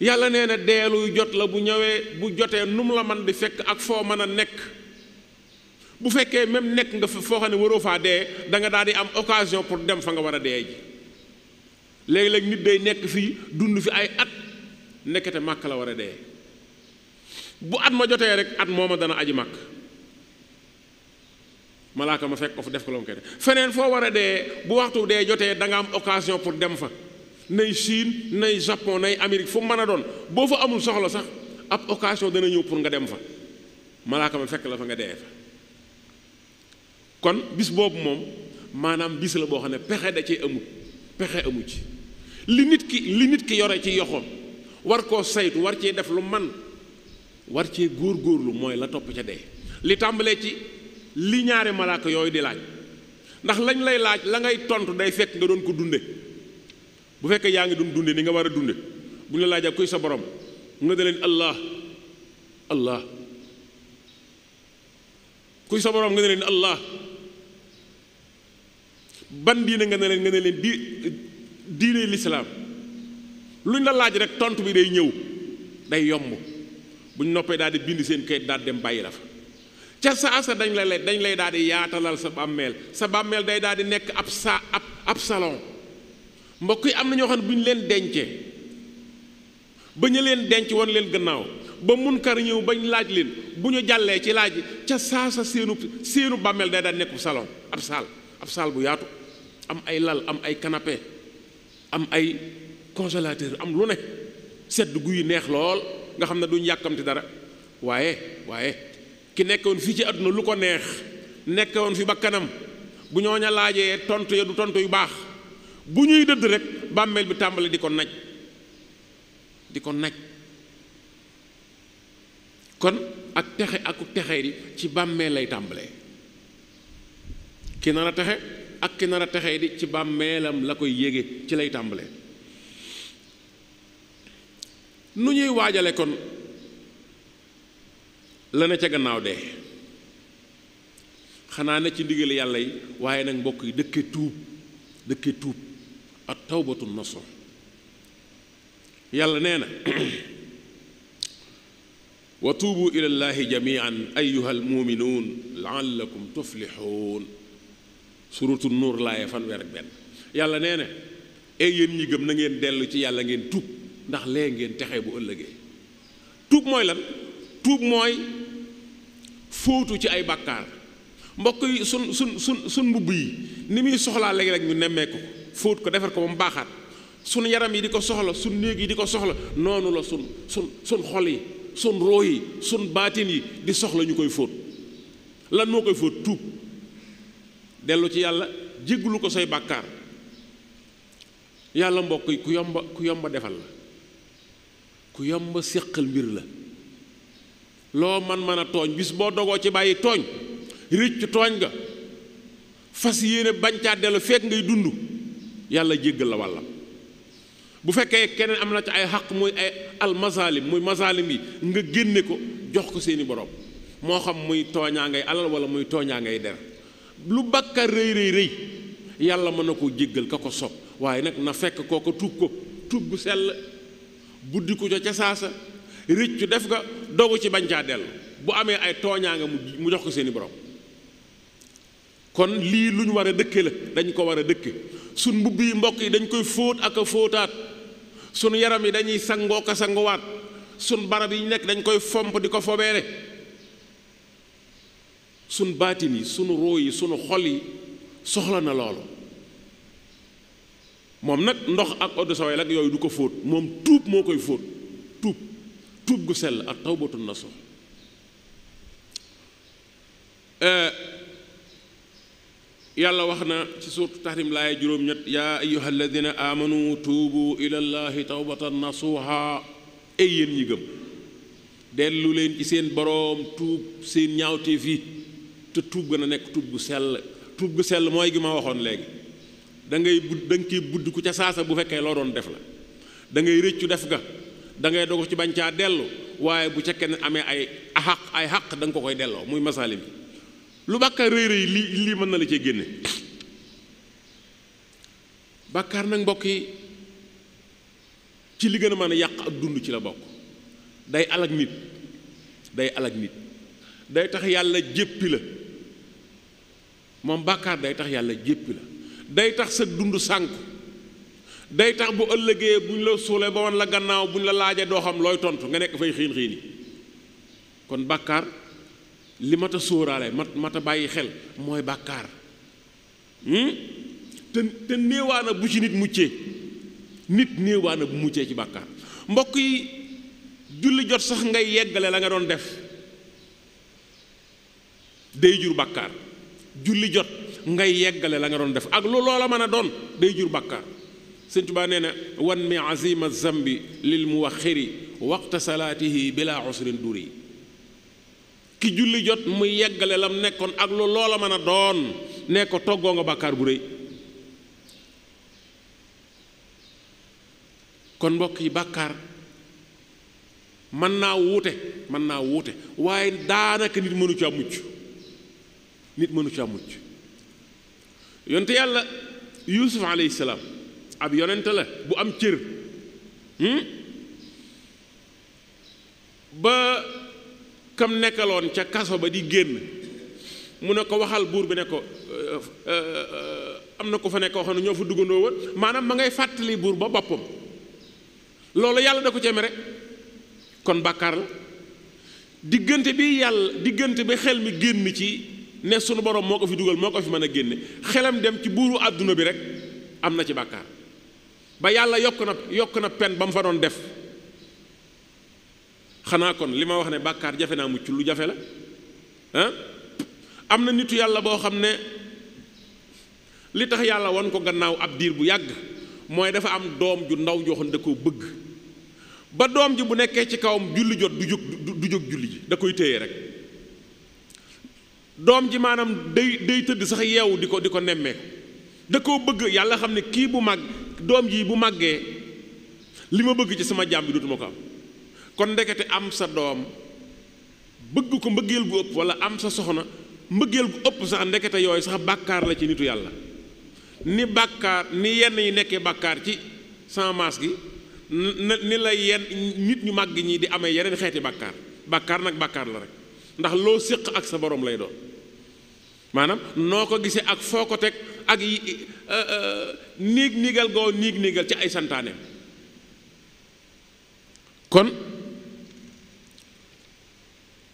yàlla nee na deeluy jot la bu ñëwee bu jotee nu mu la man di fekk ak foo mën a nekk bu fekkee même nekk nga fa foo xam ne waroo faa dee danga nga daal di am occasion pour dem fa nga war a dee léegi-léeg nit day nekk fii dund fi ay at nekkete màkk la war a dee bu at ma jotee rek at mooma dana aji màkk malaaka ma fekk ko fu def ko feneen foo war a dee bu waxtu dee jotee da nga am occasion pour dem fa nay Chine nay Japon nay Amérique fu mën a doon boo fa amul soxla sax ab occasion dana ñëw pour nga dem fa malaaka ma fekk la fa nga dee fa kon bis boobu moom maanaam bis la boo xam ne pexe da cee amut pexe amu ci li nit ki li nit ki yore ci yoxoom war koo saytu war cee def lu man war cee góor góorlu mooy la topp ca dee li tàmbalee ci li ñaari malaaka yooyu di laaj ndax lañ lay laaj la ngay tontu day fekk nga doon ko dunde bu fekkee yaa ngi doon dunde ni nga war a dunde bu ñu la laajee kuy sa borom nga da leen allah allah kuy sa borom nga ne leen allah ban diine nga ne leen nga ne leen di diine lislaam luñ la laaj rek tontu bi day ñëw day yomb bu ñu noppee daldi bind seen kayit daal dem bàyyi la fa ca saasa dañ la lay dañ lay daal di yaatalal sa bàmmeel sa bàmmeel day daal di nekk ab sa ab ab salon mbokk yi am na ñoo xam ne bu ñu leen dencee ba ñu leen denc woon leen gannaaw ba munkar ñëw bañ laaj leen bu ñu jàllee ci laaj ca sa seenu seenu bàmmeel day daan nekku salon ab saal ab saal bu yaatu am ay lal am ay kanape am ay congélateur am lu ne sedd guy neex lool nga xam ne duñ yàkkamti dara waaye waaye ki nekkoon fii ci àdduna lu ko neex woon fi ba kanam bu ñooña laajee tontu ya du tontu yu baax bu ñuy dëdd rek bàmmeel bi tàmbali di ko naj di ko naj kon ak texe ak texee ci bàmmeel lay tàmbalee ki texe ak ki nar a di ci bàmmeelam la koy yéege ci lay tàmbalee nu ñuy waajale kon la ne ca gannaaw de xanaa ne ci ndigal yàlla yi waaye nag mbokk yi dëkke tuub dëkke tuub at tawbatu nasuh yàlla nee na wa tuubu ila llaahi jamian ayuha almuminuun laallakum tuflixuun suratu nuur laaye fanweer ak benn yàlla nee na ey yéen ñi gëm nangeen dellu ci yàlla ngeen tuub ndax lee ngeen texe bu ëllëgee tuub mooy lan tuub mooy fóotu ci ay bàkkaar mbokk yi sun sun sun sun mbubb yi ni muy soxlaa léegi rek ñu nemmeeku ko fóot ko defar ko ba mu baaxaat sunu yaram yi di ko soxla sunu néeg yi di ko soxla noonu la sun sun sun xol yi sun roo yi baatin yi di soxla ñu koy fóot lan moo koy fóot tuub dellu ci yàlla jégglu ko say bàkkaar yàlla mbokk yi ku yomba ku yomba defal la ku yomba séqal mbir la loo man mën a tooñ bis boo dogoo ci bàyyi tooñ rëccu tooñ ga fas yéene bañ caa dellu fekk ngay dund yàlla jéggal la wàllam bu fekkee keneen am na ci ay xaq muy ay almasalim muy masalim yi nga génne ko jox ko seeni borom moo xam muy tooñaa ngay alal wala muy tooñaa ngay der lu bàkkaar rëy rëy yàlla mën na ko jéggal ka ko sob waaye nag na fekk kooka tuub ko tuub gu sell buddi ko ca saasa rëccu def nga dogu ci bañ caa dellu bu amee ay tooñaa nga mu jox ko seeni borom kon lii lu ñu war a dëkke la dañ ko war a dëkke sun mbubb yi mbokk yi dañ koy fóot ak a fóotaat sunu yaram yi dañuy sangoo ko sanguwaat sun barab yi nekk dañ koy fomp di ko fobeere sun baatin yi sunu roo yi sunu xol yi soxla na loolu moom nag ndox ak eau de Javel yooyu du ko fóot moom tuub moo koy fóot tuub tuub gu sell ak tawbatun nasuh euh, yàlla wax na ci suurtu tahrim laay juróom-ñett yaa ayyuha alladina amanu tuubu ila llahi tawbatan nasuha ay yéen ñi gëm dellu leen ci seen boroom tuub seen ñaawteef fii te tuub gën a nekk tuub gu sell tuub gu sell mooy gi ma waxoon léegi da ngay bud da nga ciy budd ku ca saasa bu fekkee loo doon def la da ngay rëccu def ga da ngay dogo ci bañ caa dellu waaye bu ca ne amee ay xaq ay xaq danga ko koy delloo muy masaalim bi lu bàkkaar rëy rëy lii lii mën na la cee génne bàkkaar nag mbokk yi ci li gën a mën a yàq ak dund ci la bokk day alag nit day alag nit day tax yàlla jéppi la moom bàkkaar day tax yàlla jéppi la day tax sa dund sànku day tax bu ëllëgee bu ñu la suulee ba wan la gannaaw bu ñu la laajee doo xam looy tontu nga nekk fay xiin xiini kon bàkkaar li mat a sóoraale mat mat a bàyyi xel mooy bàkkaar hmm? te te néewaana bu ci nit muccee nit néewaana bu muccee ci bàkkaar mbokk yi julli jot sax ngay yeggale la nga doon def day jur bàkkaar julli jot ngay yeggale la nga doon def ak lu loola mën a doon dey jur bàkkaar sëñ Tuubaa nee na wan mi azima zambi lil muwaxiri waqta salaatihi bila usrin duri ki julli jot muy yeggale lam nekkoon ak lu loola mën a doon ne ko toggoo nga bàkkaar bu rëy kon mbokk yi bàkkaar mën naa wuute mën naa wuute waaye daanaka nit mënu caa mucc nit mënu caa mucc yonte yàlla yuusuf alayhi ab yonente la bu am cër hmm? ba kam nekkaloon ca kaso ba di génn mu ne ko waxal buur bi ne ko euh, euh, am na ko fa nekk wax ne ñoo fa duggandoo woon maanaam ma ngay fàttali buur ba boppam loolu yàlla da ko ci mere kon bàkkaar la diggante bi yàlla diggante bi xel mi génn ci ne sunu borom moo ko fi dugal moo ko fi mën a génne xelam dem ci buuru àdduna bi rek am na ci bàkkaar ba yàlla yokk na yokk na pen ba mu fa doon def xanaa kon li ma wax ne bàkkaar jafe naa mucc lu jafe la am na nitu yàlla boo xam ne li tax yàlla wan ko gannaaw ab diir bu yàgg mooy dafa am doom ju ndaw joxoon da koo bëgg ba doom ji bu nekkee ci kawam julli jot du jóg du jóg julli ji da koy téye rek doom ji maanaam day day tëdd sax yeewu di ko di ko nemmeeku da koo bëgg yàlla xam ne kii bu màgg doom ji bu màggee li ma bëgg ci sama jaam bi dootuma ko am kon ndekete am sa doom bëgg ko mbëggeel gu ëpp wala am sa soxna mbëggeel bu ëpp sax ndekete yooyu sax bàkkaar la ci nitu yàlla ni bàkkaar ni yenn yi nekkee bàkkaar ci sans maas gi ni la yenn nit ñu màgg ñi di amee yeneen xeeti bàkkaar bàkkaar nag bàkkaar la rek ndax loo séq ak sa boroom lay doon maanaam noo ko gisee ak foo ko teg ak e, e, niig niigal goo niig niigal ci ay santaane kon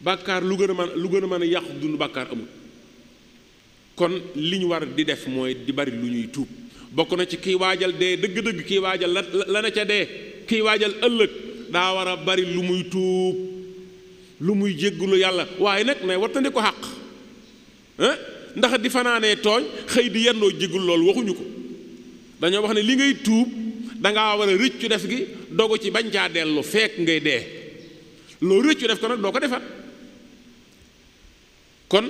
bàkkaar lu gën a mën lu gën a mën a yàqu dund bàkkaar amul kon li ñu war di def mooy di bari lu ñuy tuub bokk na ci kiy waajal dee dëgg-dëgg kiy waajal la la na ca dee kiy waajal ëllëg daa war a bari lu muy tuub lu muy jéggulu yàlla waaye nag nay wattandi ko xàq ndax di fanaanee tooñ xëy di yendoo jéggul loolu waxuñu ko dañoo wax ne li ngay tuub dangaa war a rëccu def gi dogu ci bañ caa dellu fekk ngay dee loolu rëccu def ko nag doo ko defat kon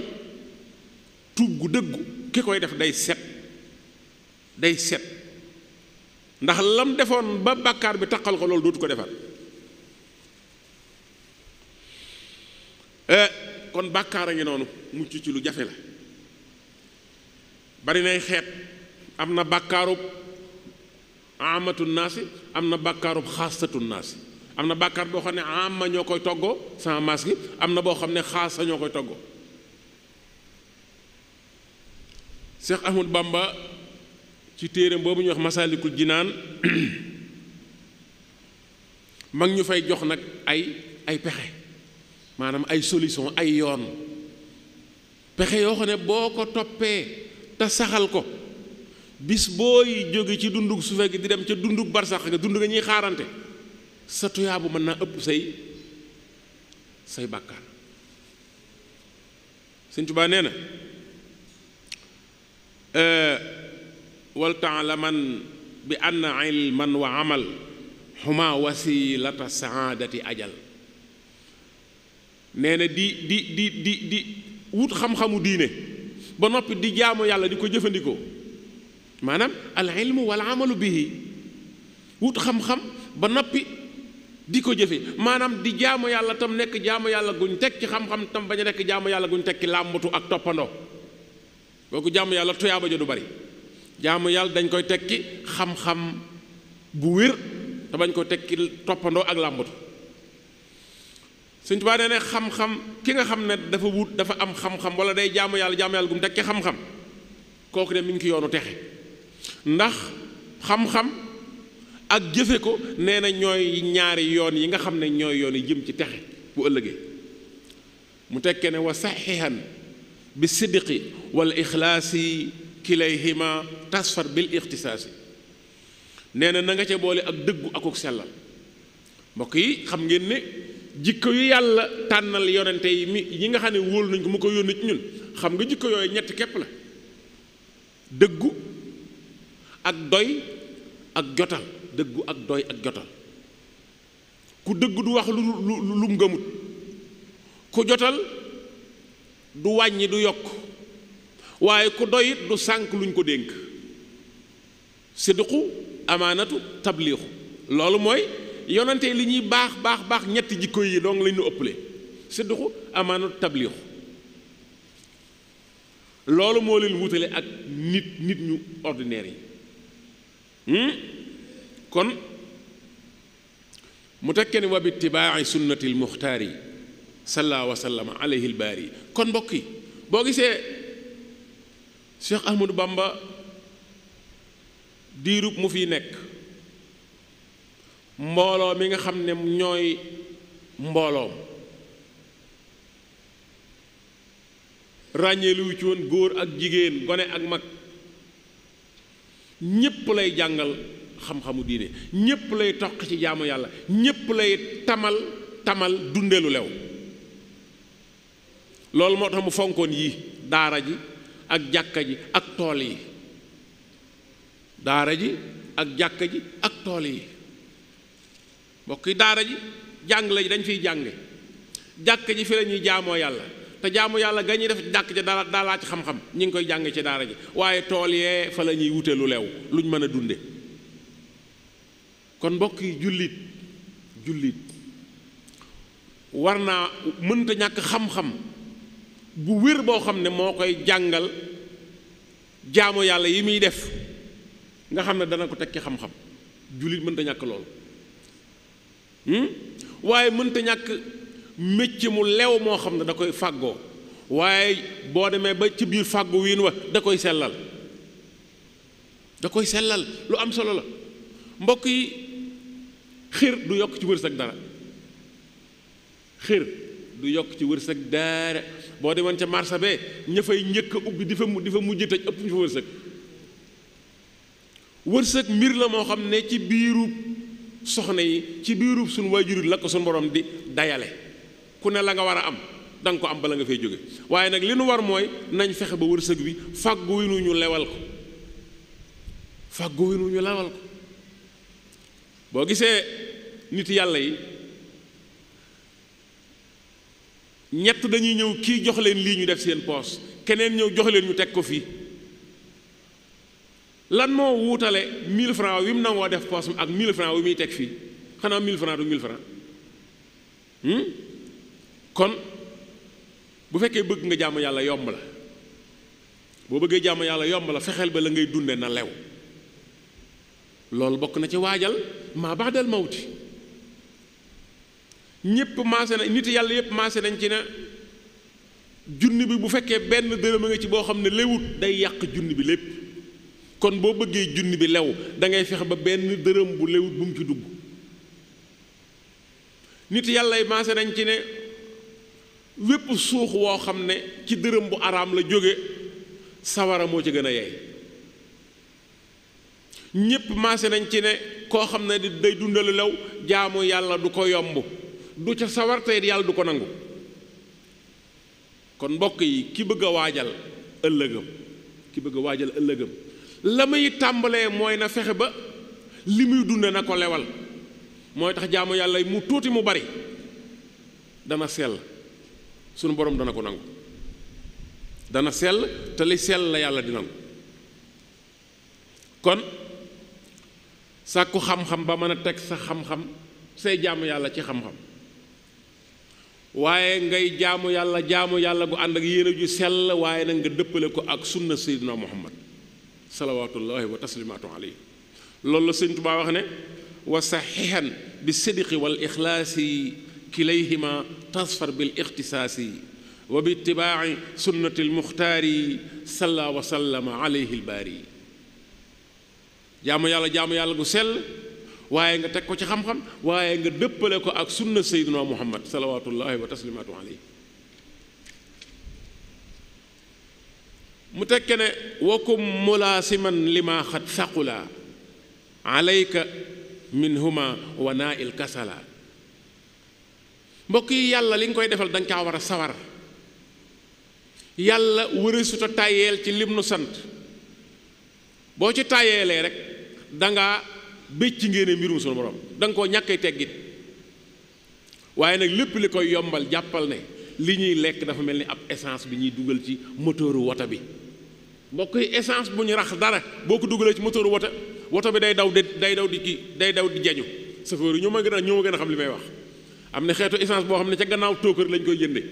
tuub gu dëggu ki koy def day set day set ndax lam defoon ba bàkkaar bi taqal ko loolu dootu ko defal eh, kon bàkkaar a ngi noonu mucc ci lu jafe la bari nay xeet am na bàkkaarub amatu naasi am na bàkkaarub xaasatu naasi am na bàkkaar boo xam ne ama ñoo koy toggoo sama maas am na boo xam ne xaasa ñoo koy toggoo Cheikh Ahmad bàmba ci téeram boobu ñu wax Masaalikul Jinaan mag ñu fay jox nag ay ay pexe maanaam ay solution ay yoon pexe yoo xam ne boo ko toppee te saxal ko bis booy jóge ci dundug su gi di dem ca dundug barsax ga dund nga ñuy xaarante sa tuyaabu mën naa ëpp say say bàkkaar Sëñ Tuubaa nee na wal taalaman bi ann ilman wa amal xuma wasilata saadati ajal nee na di di di di di wut xam-xamu diine ba noppi di jaamu yàlla di ko jëfandikoo maanaam al ilmu wal amalu bihi wut xam-xam ba noppi di ko jëfe maanaam di jaamu yàlla tam nekk jaamu yàlla guñ teg ci xam-xam tam bañ a nekk jaamu yàlla guñ teg ci làmbatu ak toppandoo kooku jàmm yàlla tuyaaba ja du bari jàmm yàlla dañ koy tekki xam-xam bu wér te bañ ko tekki toppandoo ak làmbatu suñ Tuubaa nee ne xam-xam ki nga xam ne dafa wut dafa am xam-xam wala day jàmm yàlla jaamu yàlla gum tekki xam-xam kooku ne mi ngi ki yoonu texe ndax xam-xam ak jëfe ko nee na ñooy ñaari yoon yi nga xam ne ñooy yoon yi jëm ci texe bu ëllëgee mu tekkee ne wa saxihan bi siddiqi wal ixlaasi kilayhima tasfar bil ixtisaasi nee na na nga ca boole ak dëggu akuk sellal mbokk yi xam ngeen ne jikko yu yàlla tànnal yonente yi mi yi nga xam ne wóol nañ ko mu ko yónni ci ñun xam nga jikko yooyu ñett képp la dëggu ak doy ak jotal dëggu ak doy ak jotal ku dëggu du wax lu lu lu mu gëmut ku jotal du wàññi du yokk waaye ku doyit du sànk luñ ko dénk sidqu amaanatu tabliixu loolu mooy yonante li ñuy baax baax baax ñetti jikko yi donc lañu ëppale sidqu amaanatu tabliixu loolu moo leen wutale ak nit nit ñu ordinaire yi hmm? kon mu tekkee ni wa bitibaa'i sunnatil muxtaar yi sallaa wa sallama alayhi al kon mbokk yi boo gisee Cheikh Ahmadou Bamba diirub mu fiy nekk mbooloo mi nga xam ne ñooy mbooloom ràññeelu ci woon góor ak jigéen gone ak mag ñépp lay jàngal xam-xamu diine ñépp lay toq ci jaamu yàlla ñépp lay tamal tamal dundeelu lew loolu moo tax mu fonkoon yi daara ji ak jàkka ji ak tool yi daara ji ak jàkka ji ak tool yi mbokk yi daara ji jàng la ji dañ fiy jàng jàkka ji fi la ñuy jaamoo yàlla te jaamu yàlla ga ñuy def jàkk ji dara daa laaj xam-xam ngi koy jànge ci daara ji waaye tool yee fa la ñuy wute lu leew luñ mën a dunde kon mbokk yi jullit jullit war naa mënta ñàkk xam-xam bu wér boo xam ne moo koy jàngal jaamu yàlla yi muy def nga xam ne dana ko teg ci xam-xam jullit mënta ñàkk loolu hmm? waaye mënta ñàkk mécc mu lew moo xam ne da koy fàggoo waaye boo demee ba ci biir fàggu wiin wa da koy sellal da koy sellal lu am solo la mbokk yi xir du yokk ci wërsëg dara xir du yokk ci wërsëg dara boo demoon ca marché be ña njëkk a ubbi di fa di fa mujj tëj ëpp ñu fa wërsëg wërsëg mbir la moo xam ne ci biirub soxna yi ci biirub suñu waajur la ko suñu borom di dayale ku ne la nga war a am da nga ko am bala nga fay jóge waaye nag li nu war mooy nañ fexe ba wërsëg bi fàggu ñu lewal ko fàggu wi ñu lewal ko boo gisee nit yàlla yi ñett dañuy ñëw kii jox leen lii ñu def seen poos keneen ñëw jox leen ñu teg ko fii lan moo wuutale 1000 francs wi mu nangoo def poos ak 1000 francs wi muy teg fii xanaa mill francs du 1000 francs hmm? kon bu fekkee bëgg nga jàmm yàlla yomb la boo bëggee jàmm yàlla yomb la fexeel ba la ngay dunde na lew loolu bokk na ci waajal maa ba'dal mawti ñëpp maase na nit yàlla yëpp nañ ci ne junni bi bu fekkee benn dërëm a nga ci boo xam ne lewut day yàq junni bi lépp kon boo bëggee junni bi lew dangay fexe ba benn dërëm bu lewut bu mu ci dugg nit yàllay yi maase nañ ci ne wépp suux woo xam ne ci dërëm bu araam la jóge sawara moo ci gën a yey ñépp maase nañ ci ne koo xam ne day dundal lew jaamu yàlla du ko yomb du ca sawar tey yàlla du ko nangu kon mbokk yi ki bëgg a waajal ëllëgam ki bëgg a waajal ëllëgam la muy tàmbalee mooy na fexe ba li muy dunde na ko lewal mooy tax jaamu yàlla mu tuuti mu bari dana sell sunu borom dana ko nangu dana sell te li sell la yàlla di nangu kon sàkku xam-xam ba mën a teg sa xam-xam say jaamu yàlla ci xam-xam waaye ngay jaamu yàlla jaamu yàlla bu ànd ak yéene ju sell waaye nag nga dëppale ko ak sunna seydina muhammad salawaatullahi wa taslimaatu alayhi loolu la sëñ Tuubaa wax ne wa saxihan bi sidqi wal ixlaasi kilayhima tasfar bil ixtisaasi wa bi itibaaci sunnati lmuxtaari salla wa sallama alayhi lbaari jaamu yàlla jaamu yàlla gu sell waaye nga teg ko ci xam-xam waaye nga dëppale ko ak sunna sayyidina muhammad salawaatullahi wa taslimaatu alayhi mu tekke ne wakum mulaasiman lima xat saqula alayka minhuma wa il kasala mbokk yi yàlla li nga koy defal danga kaa war a sawar yàlla wërisuta tàyyeel ci lim nu sant boo ci tàyyeelee rek danga bécc ngeen mbirum sunu borom da nga koo ñàkkee teggit waaye nag lépp li koy yombal jàppal ne li ñuy lekk dafa mel ni ab essence bi ñuy dugal ci moteuru woto bi mbokk yi essance bu ñu rax dara boo ko dugalee ci moteuru woto woto bi day daw di day daw di kii day daw di jañu chauffeur yi ñoo ma gën a ñoo ma a xam li may wax am ne xeetu essence boo xam ne ca gannaaw tóokër lañ koy jënde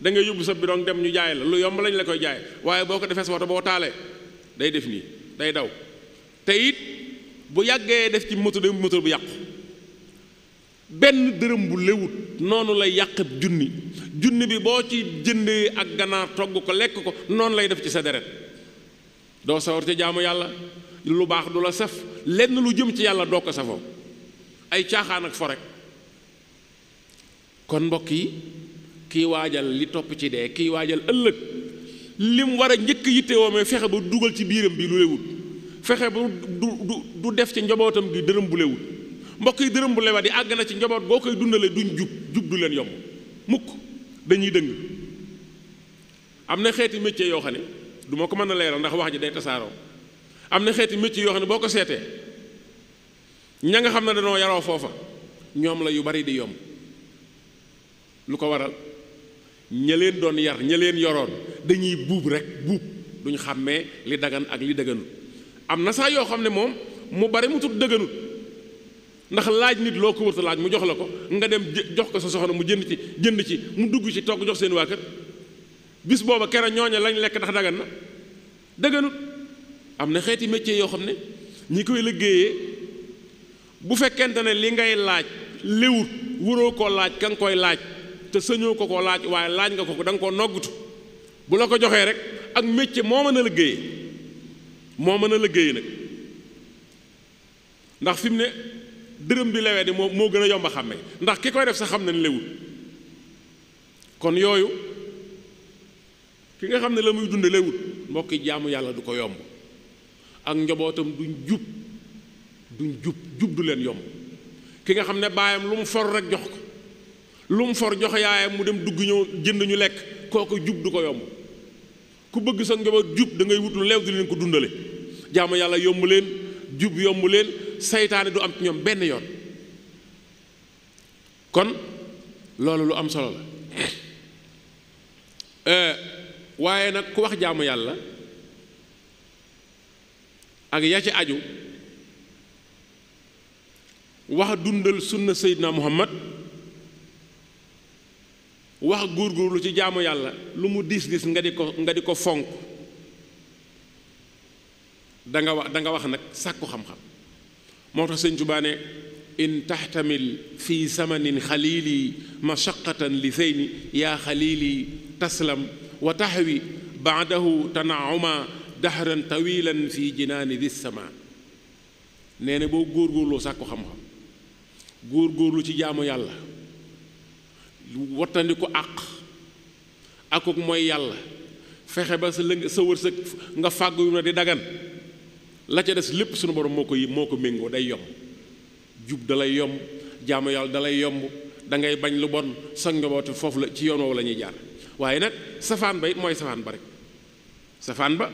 da nga yóbbu sa bidon dem ñu jaay la lu yomb lañ la koy jaay waaye boo ko defee sa woto boo taalee day def nii day daw bu yàggee def ci moto de moto bu yàqu benn dërëm bu lewut noonu lay yàq junni junni bi boo ci jëndee ak ganaar togg ko lekk ko noonu lay def ci sa deret doo sawar ci jaamu yàlla lu baax du la saf lenn lu jëm ci yàlla doo ko safoo ay caaxaan ak fo kon mbokk yi kiy waajal li topp ci dee kiy waajal ëllëg lim war a njëkk yittewoo mais fexe ba dugal ci biiram bi lu lewut fexe ba du du du def ci njabootam gi dërëm bu lewul mbokk yi dërëm bu lewa yi àgg na ci njaboot boo koy dundale duñu jub jub du leen yomb mukk dañuy dëng am na xeeti métier yoo xam ne du ko mën a leeral ndax wax ji day tasaaroo am na xeeti métier yoo xam ne boo ko seetee ña nga xam ne danoo yaroo foofa ñoom la yu bari di yomb lu ko waral ña leen doon yar ña leen yoroon dañuy buub rek buub duñ xàmmee li dagan ak li dëgënu am na saa yoo xam ne moom mu bari mu tudd dëgganut ndax laaj nit loo ko wërta laaj mu jox la ko nga dem jox ko sa soxna mu jënd ci jënd ci mu dugg ci togg jox seen waa bis booba kere ñooña lañu lekk ndax dagan na dëgganut am na xeeti métier yoo xam ne ñi koy liggéeyee bu fekkente ne li ngay laaj léwut wuroo ko laaj ka koy laaj te sañoo ko ko laaj waaye laaj nga ko ko da koo noggutu bu la ko joxee rek ak métier moo mën a moo mën a liggéey nag ndax fi mu ne dërëm bi lewee di moo moo gën a yomb a ndax ki koy def sa xam na ne lewul kon yooyu ki nga xam ne la muy dunde lewul mbokki jaamu yàlla du ko yomb ak njabootam duñ jub duñ jub jub du leen yomb ki nga xam ne baayam lu for rek jox ko lu for jox yaayam mu dem dugg ñëw jënd ñu lekk kooku jub du ko yomb ku bëgg sa njaboot jub dangay ngay wut lu leew di leen ko dundale jaamu yàlla yomb leen jub yomb leen saytaane du am ci ñoom benn yoon kon loolu lu am solo la eh, waaye nag ku wax jaamu yàlla ak yaa ci aju wax dundal sunna Seydina Muhammad wax lu ci jaamu yàlla lu mu diis diis nga di ko nga di ko fonk da wax da wax nag sàkku xam-xam moo tax sëñ Tuubaa ne in taxtamil fi zamanin xalili mashaqatan li zeyni yaa xalili taslam wa taxwi baadahu tanauma dahran tawilan fi jinaani di sama nee na boo góorgóorloo sàkku xam-xam góorgóorlu ci jaamu yàlla ko àq akuk mooy yàlla fexe ba sa lëng sa wërsëg nga fàggu yu na di dagan la ca des lépp sunu borom moo ko moo méngoo day yomb jub dalay yomb jaamu yàlla dalay yomb da ngay bañ lu bon sa njaboot foofu la ci yoon woowu la ñuy jaar waaye nag safaan ba it mooy safaan ba rek safaan ba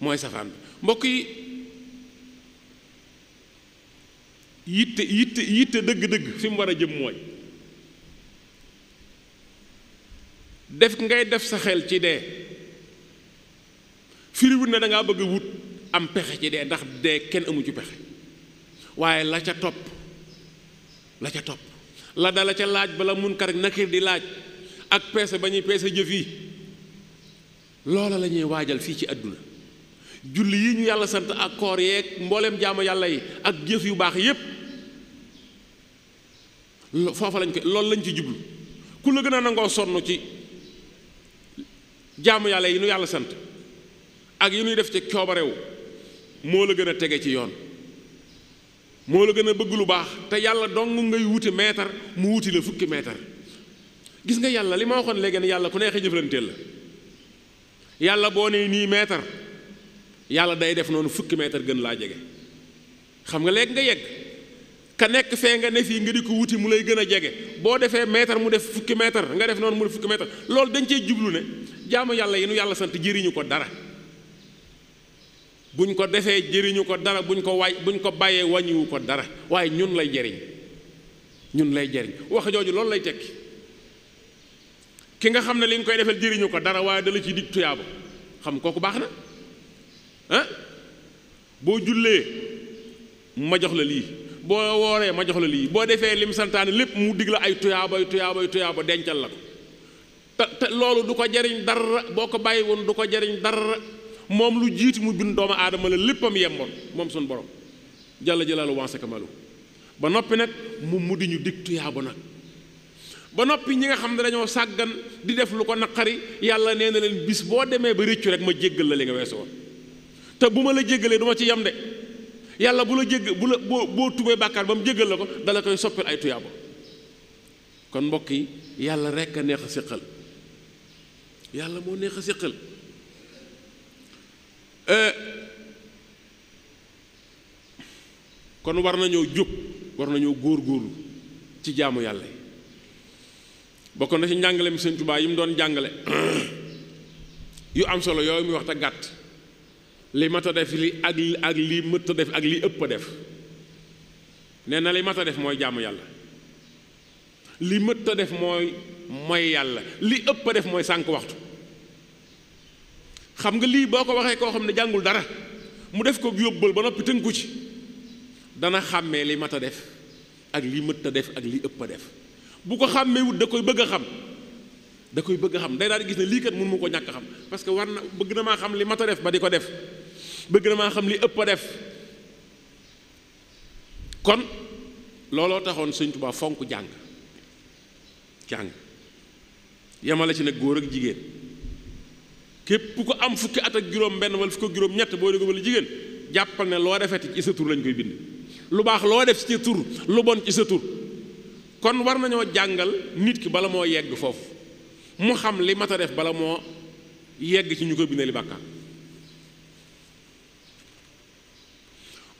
mooy safaan ba mbokk yi yitte yitte yitte dëgg-dëgg fi mu war a jëm mooy def ngay def sa xel ci dee firiwut na danga bëgg wut am pexe ci dee ndax dee kenn amu ci pexe waaye la ca topp la ca topp la dala ca laaj bala munkar ak nakir di laaj ak peese ba ñuy peese jëf yi loola la ñuy waajal fii ci àdduna julli yi ñu yàlla sant ak koor yee mbooleem jaamu yàlla yi ak jëf yu baax yépp foofa lañ ko loolu lañ ci jublu ku la gën a nangoo sonn ci jàmm yàlla yi nu yàlla sant ak yi nuy def ci coobarewu moo la gën a tege ci yoon moo la gën a bëgg lu baax te yàlla dong ngay wuti meetar mu wuti la fukki meetar gis nga yàlla li ma waxoon léegi ne yàlla ku neexee jëflanteel la yàlla boo nee nii meetar yàlla day def noonu fukki meetar gën laa jege xam nga léegi nga yegg ka nekk fee nga ne fii nga di ko wuti mu lay gën a jege boo defee mètre mu def fukki mètre nga def noonu mu def fukki mètre loolu dañ cee jublu ne jaamu yàlla yi nu yàlla sant jariñu ko dara buñ ko defee jëriñu ko dara buñ ko waay buñ ko bàyyee wàññiwu ko dara waaye ñun lay jëriñ ñun lay jëriñ wax jooju loolu lay tekki ki nga xam ne li koy defal jëriñu ko dara waaye dala ciy dig tuyaaba xam kooku baax na ah boo jullee ma jox la lii boo wooree ma jox la lii boo defee lim santaane lépp mu dig la ay tuyaabay tuyaabay tuyaaba dencal la ko te te loolu du ko jariñ dara boo ko bàyyi woon du ko jariñ dara moom lu jiitu mu bind doomu aadama la léppam yemboon moom suñu borom jàlla jëlaalu wanse kamalu ba noppi nag mu mu di ñu dig tuyaaba nag ba noppi ñi nga xam ne dañoo sàggan di def lu ko naqari yàlla nee na leen bis boo demee ba rëccu rek ma jéggal la li nga weesu woon te bu ma la jéggalee du ci yem de yàlla bu la jégg bu la boo boo tubee bàkkaar ba mu jéggal la ko dala koy soppil ay tuyaaba kon mbokk yi yàlla rekk a neex a séqal yàlla moo neex a séqal euh, kon war nañoo jóg war nañoo góor góoru ci jaamu yàlla yi bokk na ci njàngale mi Sëñ Tuubaa yi mu doon jàngale yu am solo yooyu muy wax te gàtt li mat def li ak ak li mët def ak li ëpp def nee na li mata def mooy jàmm yàlla li mët def mooy moy yàlla li ëpp def mooy sànq waxtu xam nga lii boo ko waxee koo xam ne jàngul dara mu def ko yóbbal ba noppi tënku ci dana xàmmee li mat a def ak li mët def ak li ëpp a def bu ko xàmmee wut da koy bëgg a xam da koy bëgg a xam day daal gis ne lii kat mun mu ko ñàkk xam parce que war na bëgg na maa xam li mat a def ba di ko def bëgg na maa xam li ëpp a def kon looloo taxoon sëñ Tuubaa fonk jàng jàng yamale ci nag góor ak jigéen képp ku am fukki at ak juróom benn wala fukki juróom ñett boo déggoo wala jigéen jàppal ne loo defeti ci sa tur lañ koy bind lu baax loo def ci sa tur lu bon ci sa kon war nañoo jàngal nit ki bala moo yegg foofu mu xam li mat a def bala moo yegg ci ñu ko bindee li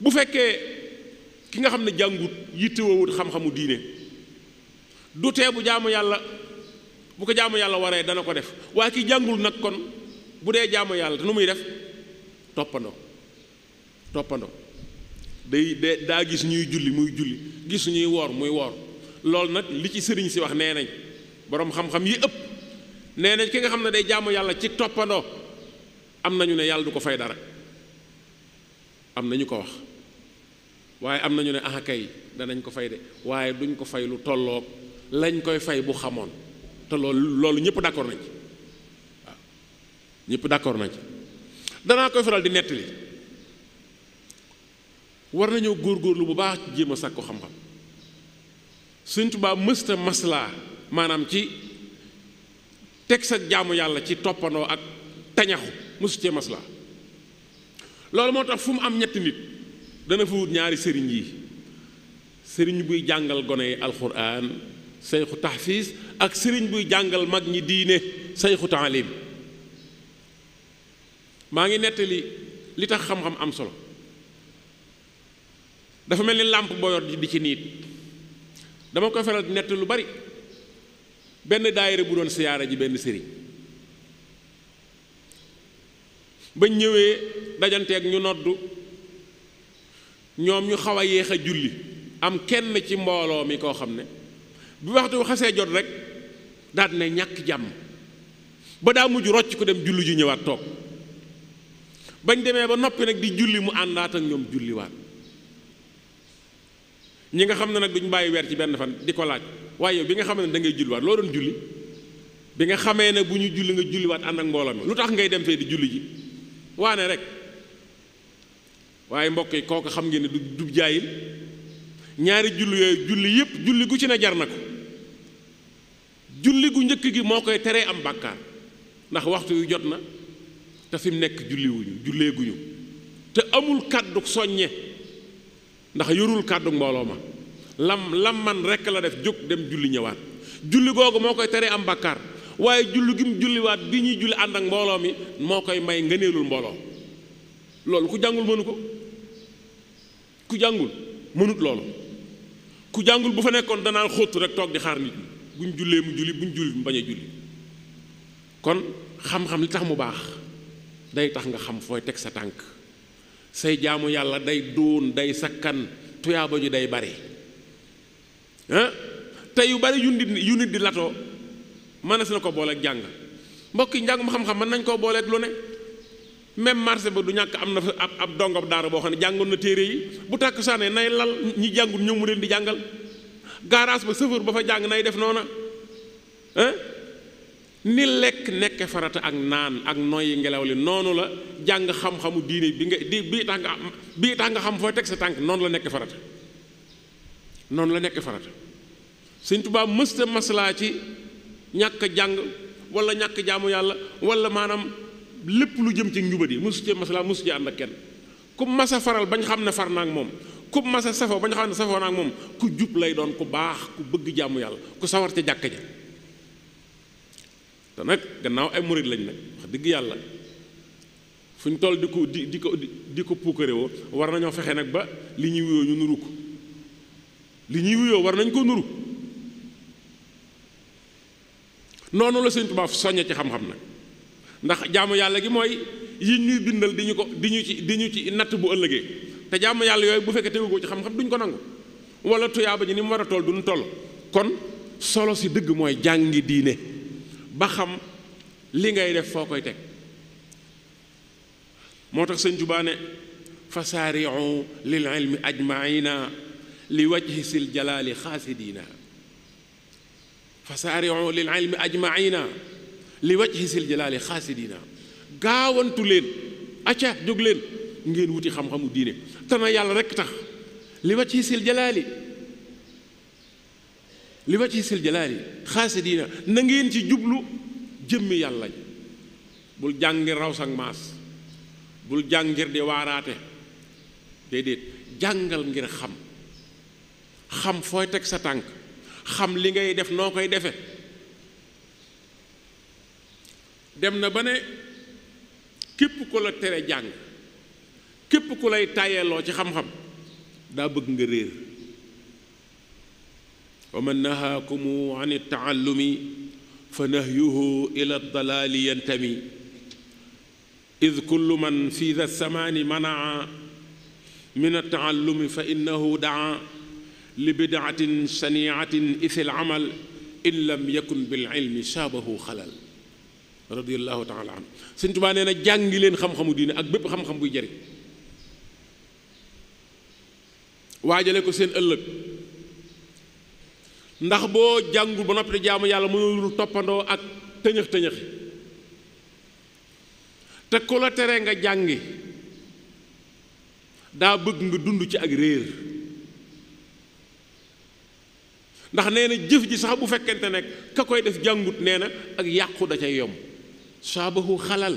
bu fekkee ki nga xam ne jàngut yittewoowut xam-xamu diine du tee bu jaamu yàlla bu ko jàmm yàlla waree dana ko def waaye ki jàngul nag kon bu dee jàmm yàlla te nu muy def toppandoo toppandoo day de daa gis ñuy julli muy julli gis ñuy woor muy woor loolu nag li ci sëriñ si wax nee nañ boroom xam-xam yi ëpp nee nañ ki nga xam ne day jàmm yàlla ci toppandoo am nañu ne yàlla du ko fay dara am nañu ko wax waaye am nañu ne ah danañ ko fay de waaye duñ ko fay lu tolloog lañ koy fay bu xamoon te loolu loolu ñëpp d'accord nañ ci waaw ñëpp d'accord nañ ci danaa koy faral di nettali war nañoo góorlu bu baax jéem a sàkku xam-xam Sëñ Tuubaa mësta maslaa maanaam ci teg sa jaamu yàlla ci toppandoo ak tañaxu mësu cee maslaa loolu moo tax fu mu am ñetti nit dana fa wut ñaari sëriñ yi sëriñ buy jàngal gone yi alxuraan sayxu tahfiis ak sëriñ buy jàngal mag ñi diine sayxu taalim maa ngi nettali li tax xam-xam am solo dafa mel ni làmp boo yor di ci niit dama ko feral nett lu bari benn daayre bu doon siyaara ji benn sëriñ bañ ñëwee dajanteeg ñu noddu ñoom ñu xaw a yéex a julli am kenn ci mbooloo mi koo xam ne bu waxtu xasee jot rek daal ne ñàkk jàmm ba daa mujj rocc ko dem julli ji ñëwaat toog bañ demee ba noppi nag di julli mu àndaat ak ñoom julliwaat ñi nga xam ne nag duñ bàyyi weer ci benn fan di ko laaj waaye bi nga xam ne da ngay julliwaat loo doon julli bi nga xamee ne bu ñu julli nga julliwaat ànd ak mbooloo mi lu tax ngay dem fee di julli ji waane rek waaye mbokk yi kooku xam ngi ne du du jaayil ñaari julli yooyu julli yépp julli gu ci ne jar na ko julli gu njëkk gi moo koy teree am bàkkaar ndax waxtu yu jot na te fi nekk julliwuñu julleeguñu te amul kàddu soññe ndax yorul kàddu mbooloo ma lam lam man rekk la def jóg dem julli ñëwaat julli googu moo koy teree am bàkkaar waaye julli gim julliwaat bi ñuy julli ànd ak mbooloo mi moo koy may ngëneelul mbooloo loolu ku jàngul mënu ko ku jàngul mënut loolu ku jàngul bu fa nekkoon danaa xóotu rek toog di xaar nit ñi buñ jullee mu julli buñ jullit mu bañ a julli kon xam-xam li tax mu baax day tax nga xam fooy teg sa tànk say jaamu yàlla day doon day sakkan tuyaaba ju day bari te yu bari yu nit yu nit di latoo mënees na ko booleeg jàng mbokk yi njàngum xam-xam mën nañ koo booleeg lu ne même marché ba du ñàkk am na fa ab ab dongab daara boo xam ne jàngoon na téere yi bu tàkk saane nay lal ñi jàngul ñëw mu leen di jàngal garaas ba chauffeur ba fa jàng nay def noona ah lekk nekk farata ak naan ak noyyi ngelaw li noonu la jàng xam-xamu diine bi nga di bii tax nga bii tax nga xam fooy teg sa tànk noonu la nekk farata noonu la nekk farata Sëñ Tuubaa mësta maslaa ci ñàkk a jàng wala ñàkk jaamu yàlla wala maanaam lépp lu jëm ci yi mosu cee masala mosu cee ànd ak kenn ku mas faral ba bañ xam ne far naa ak moom ku mas a safoo bañ xam ne safoo naa ak moom ku jub lay doon ku baax ku bëgg jaamu yàlla ku sawar ca jàkka ja te nag gannaaw ay murid lañ nag wax dëgg yàlla fu ñu toll di ko di di ko di ko puukarewoo war nañoo fexe nag ba li ñuy wuyoo ñu nuru ko li ñuy wuyoo war nañ koo nuru noonu la sëñ Tuubaa soññe ci xam-xam nag ndax jaamu yàlla gi mooy yi ñuy bindal di ñu ko di ñu ci di ci natt bu ëllëgee te jaamu yàlla yooyu bu fekkee tegu ko ci xam-xam duñ ko nangu wala tuyaaba ji ni mu war a toll duñ toll kon solo si dëgg mooy jàngi diine ba xam li ngay def foo koy teg moo tax sëñ Tuubaa ne fasaariu lil ilmi ajmaina li wajhi sil jalaali xaasidiina fasaariu lil ilmi ajmaina li wajhi sil jalaali xaasidina gaawantu leen acca jóg leen ngeen wuti xam-xamu diine te na yàlla rekk tax li wajhi sil jalaali li wajhi sil jalaali na ngeen ci jublu jëmm yàlla ji bul jàng ngir raw sag maas bul jàng ngir di waaraate déedéet jàngal ngir xam xam fooy teg sa tànk xam li ngay def noo koy defe dem na ba ne képp ku la tere jàng képp ku lay tàyyeloo ci xam-xam daa bëgg nga réer wa man nahaakumu an taallumi fa nahyuhu ila dalaali yantami id kullu man fi da samaani manaa min attaallumi fa innahu daa li bidaatin shaniatin isil amal in lam yakun bil ilmi shaabahu xalal radiallahu taala anhu sëñ tubaa nee na jàngi leen xam-xamu diine ak bépp xam-xam buy jariñ waajale ko seen ëllëg ndax boo jàngul ba noppi di jaamu yàlla mënul toppandoo ak tëñëx tëñëxi te ko la tere nga jàngi daa bëgg nga dund ci ak réer ndax nee na jëf ji sax bu fekkente nekk ka koy def jàngut nee na ak yàqu da ca yomb saabahu xalal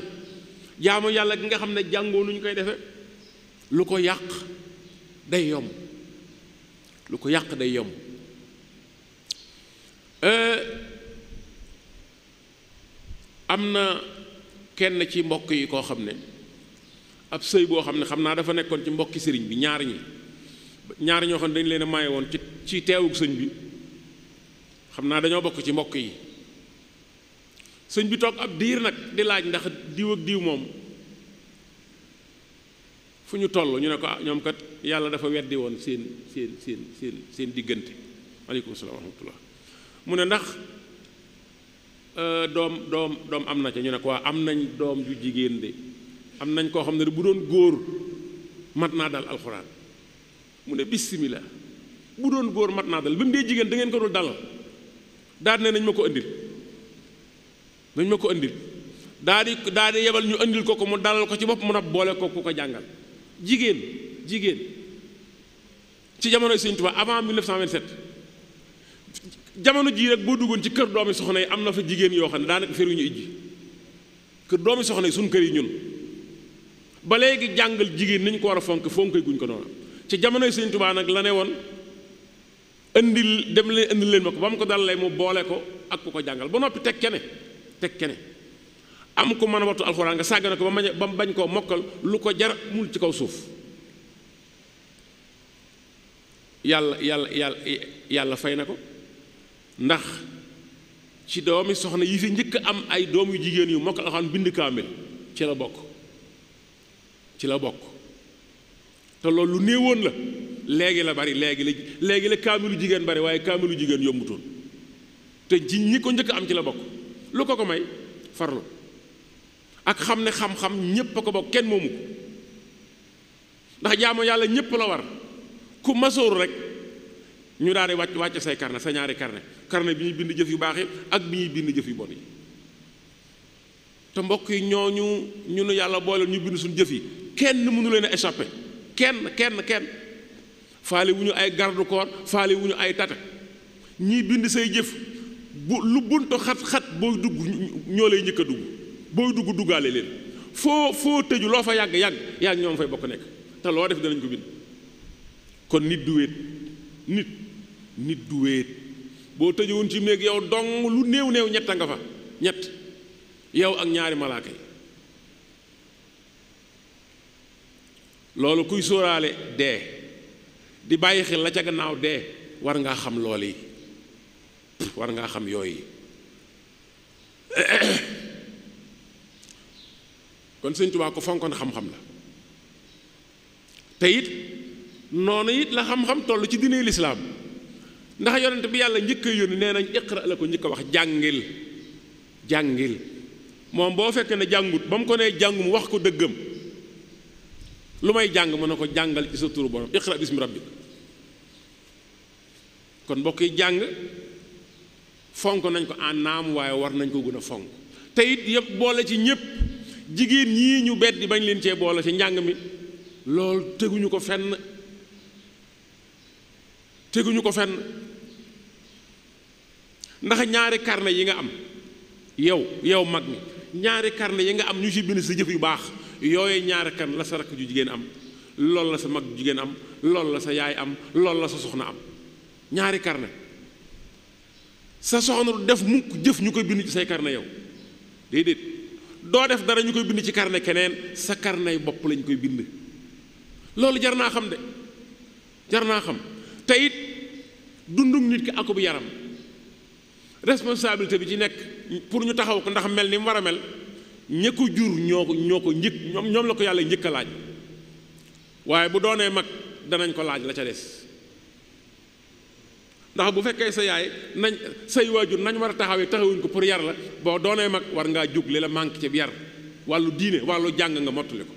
jaamo yàlla gi nga xam ne jàngoo lu ñu koy defe lu ko yàq day yomb lu ko yàq day yomb euh, am na kenn ci mbokk yi koo xam ne ab sëy boo xam ne xam naa dafa nekkoon ci mbokki sëriñ bi ñaar ñi ñaar ñoo xam ne dañ leen a maye woon ci ci teewug sëñ bi xam naa dañoo bokk ci mbokk yi sëñ bi toog ab diir nag di laaj ndax diw ak diw moom fu ñu toll ñu ne ko ah, ñoom kat yàlla dafa weddi woon seen seen seen seen seen diggante aleykum salaam wa mu ne ndax euh, doom doom doom am na ca ñu ne ko waa am nañ doom ju jigéen de am nañ koo xam ne bu doon góor mat naa dal alxuraan mu ne bismillah bu doon góor mat naa dal ba mu dee jigéen da ngeen ko dul dal daal ne nañ ma ko indil nañ ma ko indil daal di daadi di yebal ñu indil ko ko mu dalal ko ci bopp mu nag boole ko ku ko jàngal jigéen jigéen ci jamono Sëñ Tuubaa avant 1927 jamono jii rek boo duggoon ci kër doomi soxna yi am na fa jigéen yoo xam ne daanaka feru ñu ijji kër doomi soxna yi suñ kër yi ñun ba léegi jàngal jigéen nañ ko war a fonk fonk guñ ko noonu ci jamonoy Sëñ Tuubaa nag la ne woon indi dem leen indi leen ma ko ba mu ko dal lay mu boole ko ak ku ko jàngal ba noppi teg kene teg kene am ko mën a wattu alxuraan nga sàggane ko ba ba mu bañ koo mokkal lu ko jar mul ci kaw suuf yàlla yàlla yàlla yàlla fay na ko ndax ci doomi soxna yi fi njëkk am ay doom yu jigéen yu mokkal alxuraan bind kaamil ci la bokk ci la bokk te loolu lu néewoon la léegi la bari léegi la léegi la kaamilu jigéen bari waaye kaamilu jigéen yombutoon te ji ñi ko njëkk am ci la bokk lu ko ko may farlu ak xam ne xam-xam ñépp a ko bokk kenn moomu ko ndax jaamu yàlla ñépp la war ku masóoru rek ñu daal di wàcc wàcc say carnet sa ñaari carnet carnet bi ñuy bind jëf yu baax yi ak bi ñuy bind jëf yu bon yi te mbokk yi ñooñu ñu ne yàlla boole ñu bind suñu jëf yi kenn mënu leen a kenn kenn kenn faale wu ñu ay garde corps wu ñu ay tata ñii bind say jëf bu lu buntu xat-xat booy dugg ñoo lay njëkk a dugg booy dugg duggaale leen foo foo tëju loo fa yàgg yàgg yàgg ñoom fay bokk nekk te loo def danañ ko bind kon nit du nit nit du wéet boo tëjuwoon ci néeg yow dong lu néew néew ñett a nga fa ñett yow ak ñaari malaaka yi loolu kuy sóoraale dee di bàyyi xel la ca gannaaw de war ngaa xam lool yi war ngaa xam yooyu kon sëñ Tuubaa ko fonkoon xam-xam la te it noonu it la xam-xam toll ci diine lislaam ndax yonent bi yàlla njëkk a yónni nee nañ iqra la ko njëkk wax jàngil jàngil moom boo fekkee ne jàngut ba mu ko nee jàngu mu wax ko dëggam lu may jàng mën na ko jàngal ci sa turu borom iqra bismi rabbik kon mbokk yi jàng fonk nañ ko en naam waaye war nañ ko gun a fonk te it yëpp boole ci ñëpp jigéen ñii ñu beddi bañ leen cee boole ci njàng mi loolu teguñu ko fenn teguñu ko fenn ndax ñaari carnet yi nga am yow yow mag mi ñaari kar na yi nga am ñu ci bind sa jëf yu baax yooyu ñaari kan la sa rakk ju jigéen am loolu la sa mag ju jigéen am loolu la sa yaay am loolu la sa soxna am ñaari carnet sa soxna du def mukk jëf ñu koy bind ci say carnet yow déedéet doo def dara ñu koy bind ci carnet keneen sa carnet bopp lañ koy bind loolu jar naa xam de jar naa xam te it nit ki akub yaram responsabilité bi ci nekk pour ñu taxaw ko ndax mel ni mu war a mel ñekk jur ñoo ko ñoo ko njëkk ñoom ñoom la ko yàlla njëkk laaj waaye bu doonee mag danañ ko laaj la ca des ndax bu fekkee sa yaay nañ say waajur nañ war a taxawee taxawuñ ko pour yar la boo doonee mag war ngaa jóg li la mànk ci yar wàllu diine wàllu jàng nga mottali ko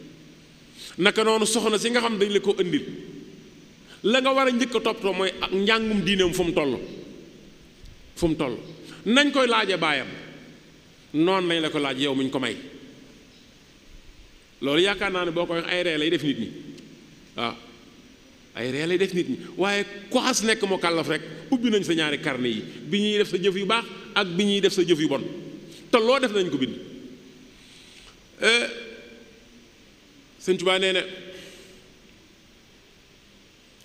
naka noonu soxna si nga xam dañ la ko indil la nga war a njëkk a toppatoo mooy ak njàngum diineem fu mu toll fu toll nañ koy laaje baayam noonu lañ la ko laaj yow muñ ko may loolu yaakaar naa ne boo koy wax ay ree lay def nit ñi waaw ay ree lay def nit ñi waaye ku xas nekk moo kàllaf rek ubbi nañ sa ñaari carnet yi bi ñuy def sa jëf yu baax ak bi ñuy def sa jëf yu bon te loo def nañ ko bind euh, sëñ Tuubaa nee na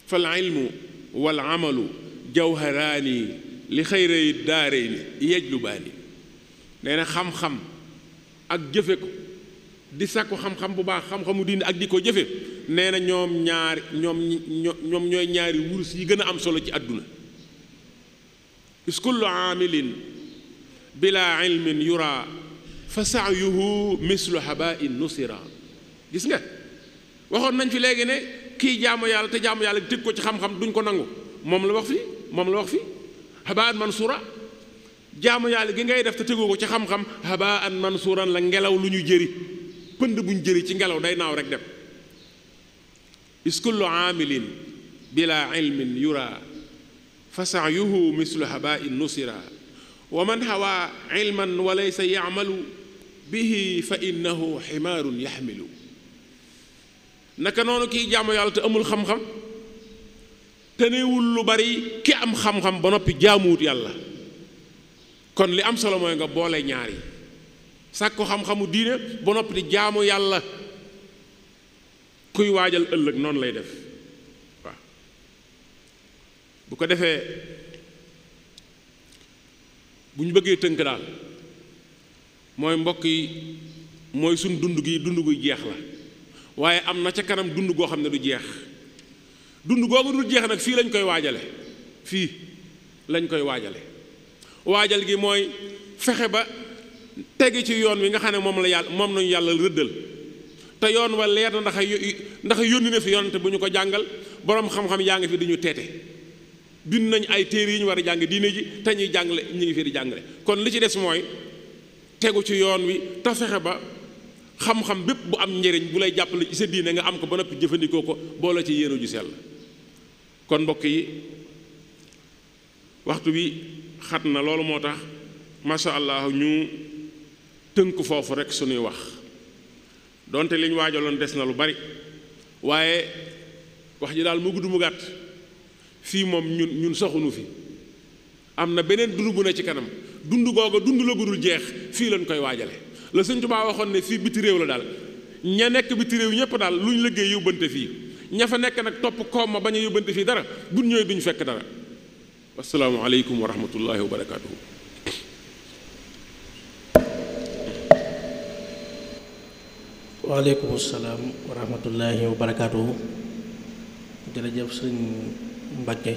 fal ilmu wal amalu jawharaani li xayray daarayni yejlubaani nee na xam-xam ak jëfe ko di sàkku xam-xam bu baax xam-xamu diine ak di ko jëfe nee na ñoom ñaari ñoom ñoom ñooy ñaari wurus yi gën a am solo ci àdduna is kullu aamilin bila ilmin yura fa saayuhu mislu habain nusira gis nga waxoon nañ fi léegi ne kii jaamu yàlla te jaamu yàlla tëgg ko ci xam-xam duñ ko nangu moom la wax fi moom la wax fi habaan mansura jaamu yàlla gi ngay def te tëggoo ko ci xam-xam habaan mansuran la ngelaw lu ñu jëri pënd buñ jëli ci ngelaw day naaw rek dem is kullu aamilin bila ilmin yura fa saayuhu mislu habain nusira wa man hawa ilman wa laysa yamalu bihi fa innahu ximaarun yaxmilu naka noonu kiy jaamu yàlla te amul xam-xam tenewul lu bari ki am xam-xam ba noppi jaamuwut yàlla kon li am solo mooy nga boole ñaar yi sàkku xam-xamu diine ba noppi di jaamu yàlla kuy waajal ëllëg noonu lay def waaw bu ko defee bu ñu bëggee tënk daal mooy mbokk yi mooy suñ dund gi dund gu jeex la waaye am na ca kanam dund goo xam ne du jeex dund googu du jeex nag fii lañ koy waajale fii lañ koy waajale waajal gi mooy fexe ba tege ci yoon wi nga xam ne moom la yàlla moom nañu yàlla rëddal te yoon wa leer na ndax ndax yónni na fi yonante bu ñu ko jàngal boroom xam-xam yaa ngi fi di ñu teete bind nañ ay téer yi ñu war a jàng diine ji te ñuy jàngale ñu ngi fi di jàngale kon li ci des mooy tegu ci yoon wi te ba xam bépp bu am njëriñ bu lay jàppale ci sa diine nga am ko ba noppi jëfandikoo ko boole ci yéenu ju sell kon mbokk yi waxtu bi xat na loolu moo tax macha allah ñu. tënk foofu rek suñuy wax donte liñ waajaloon des na lu bari waaye wax ji daal mu gudd mu gàtt fii moom ñun ñun soxunu fi am na beneen dund bu ne ci kanam dund googa dund la gudul jeex fii lañ koy waajale la Sëñ Tuubaa waxoon ne fii biti réew la daal ña nekk biti réew ñëpp daal lu ñu liggéey yóbbante fii ña fa nekk nag topp koom ma bañ a yóbbante fii dara buñ ñëwee bi ñu fekk dara assalaamu aleykum wa rahmatullahi wa barakaatuhu waaleykum salaam wa rahmatullahi wa barakaatuhu jërëjëf sëñ Mbacke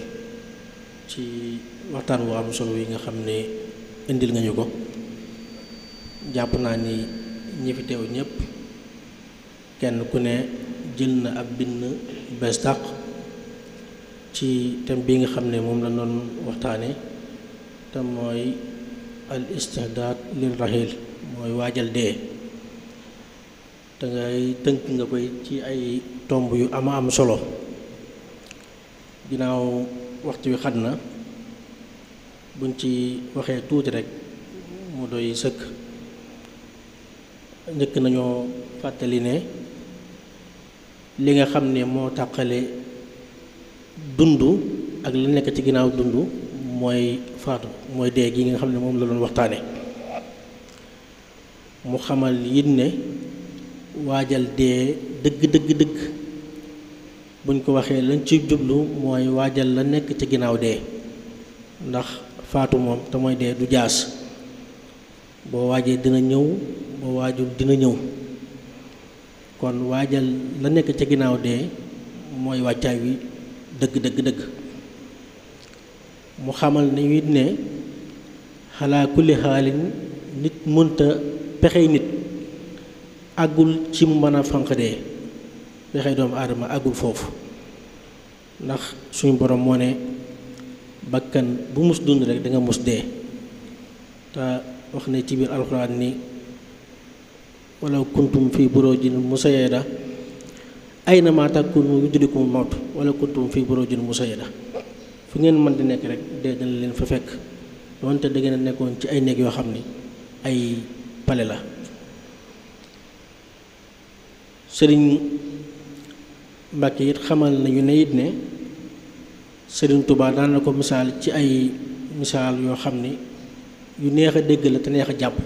ci waxtaan wu am solo yi nga xam ne indil nga ñu ko jàpp naa ni ñi fi teew kenn ku ne jël na ab bind bees tàq ci tem bi nga xam ne moom la doon waxtaane te mooy al istihdaad lil rahil mooy waajal dee da ngay tënk nga koy ci ay tomb yu ama am solo ginnaaw waxtu wi xat na buñ ci waxee tuuti rek mu doy sëkk njëkk nañoo fàttali ne li nga xam ne moo tàqale dund ak li nekk ci ginnaaw dund mooy faatu mooy dee gi nga xam ne moom la doon waxtaane mu xamal yit ne waajal dee dëgg dëgg dëgg buñ ko waxee lañ ci jublu mooy waajal la nekk ci ginnaaw dee ndax faatu moom te mooy dee du jaas boo waajee dina ñëw boo waajul dina ñëw kon waajal la nekk ca ginnaaw dee mooy wàccaay wi dëgg dëgg dëgg mu xamal ne it ne xalaa kulli xaalin nit mënta pexey nit àggul ci mu mën a fànq dee pexe doomu aadama àggul foofu ndax suñu boroom moo ne bakkan bu mus dund rek danga mus dee te wax ne ci biir alxuraan ni walaw kuntum fi burujin musayada aynama takunu yudrikum mawt wala kuntum fi burujin musayada fu ngeen mën di nekk rek dee dana leen fa fekk donte da ngeen nekkoon ci ay néeg yoo xam ni ay pale la sëriñ Mbàkke it xamal nañu ne it ne sëriñ tubaab daan na ko misaal ci ay misaal yoo xam ne yu neex a dégg la te neex a jàpp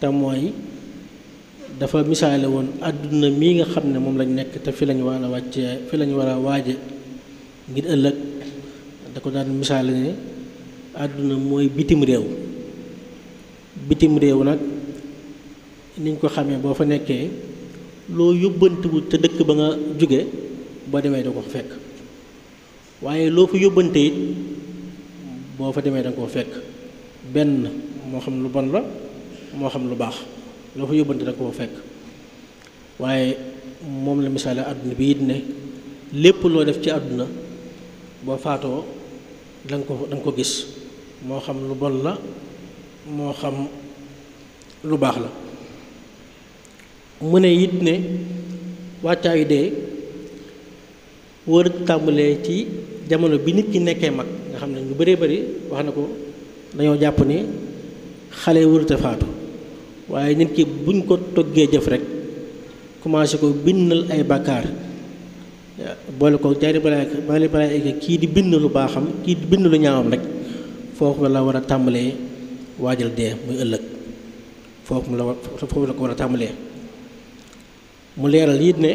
te dafa misaale woon àdduna mii nga xam ne moom lañ nekk te fi lañ war a wàccee fi lañ war a waaje ngir ëllëg da ko daan misaale ne àdduna mooy bitim réew bitim réew nag niñ ko xamee boo fa nekkee loo yóbbantewul te dëkk ba nga jóge boo demee da ko fekk waaye loo fa yóbbante it boo fa demee da nga ko fekk benn moo xam lu bon la moo xam lu baax loo fa yóbbante da nga ko fekk waaye moom la misaale àdduna bi it ne lépp loo def ci àdduna boo faatoo da ko da ko gis moo xam lu bon la moo xam lu baax la mu ne it ne wàccaayu dee wër tàmbalee ci jamono bi nit ki nekkee mag nga xam ne ñu bëree bëri wax na ko dañoo jàpp ni xale wërute faatu waaye nit ki buñ ko toggee jëf rek commencé ko bindal ay bàkkaar boole ko jaari balaa balaa kii di bind lu baaxam kii di bind lu ñaawam rek foofu la war a tàmbalee waajal dee muy ëllëg foofu la foofu la ko war a tàmbalee mu leeral yit ne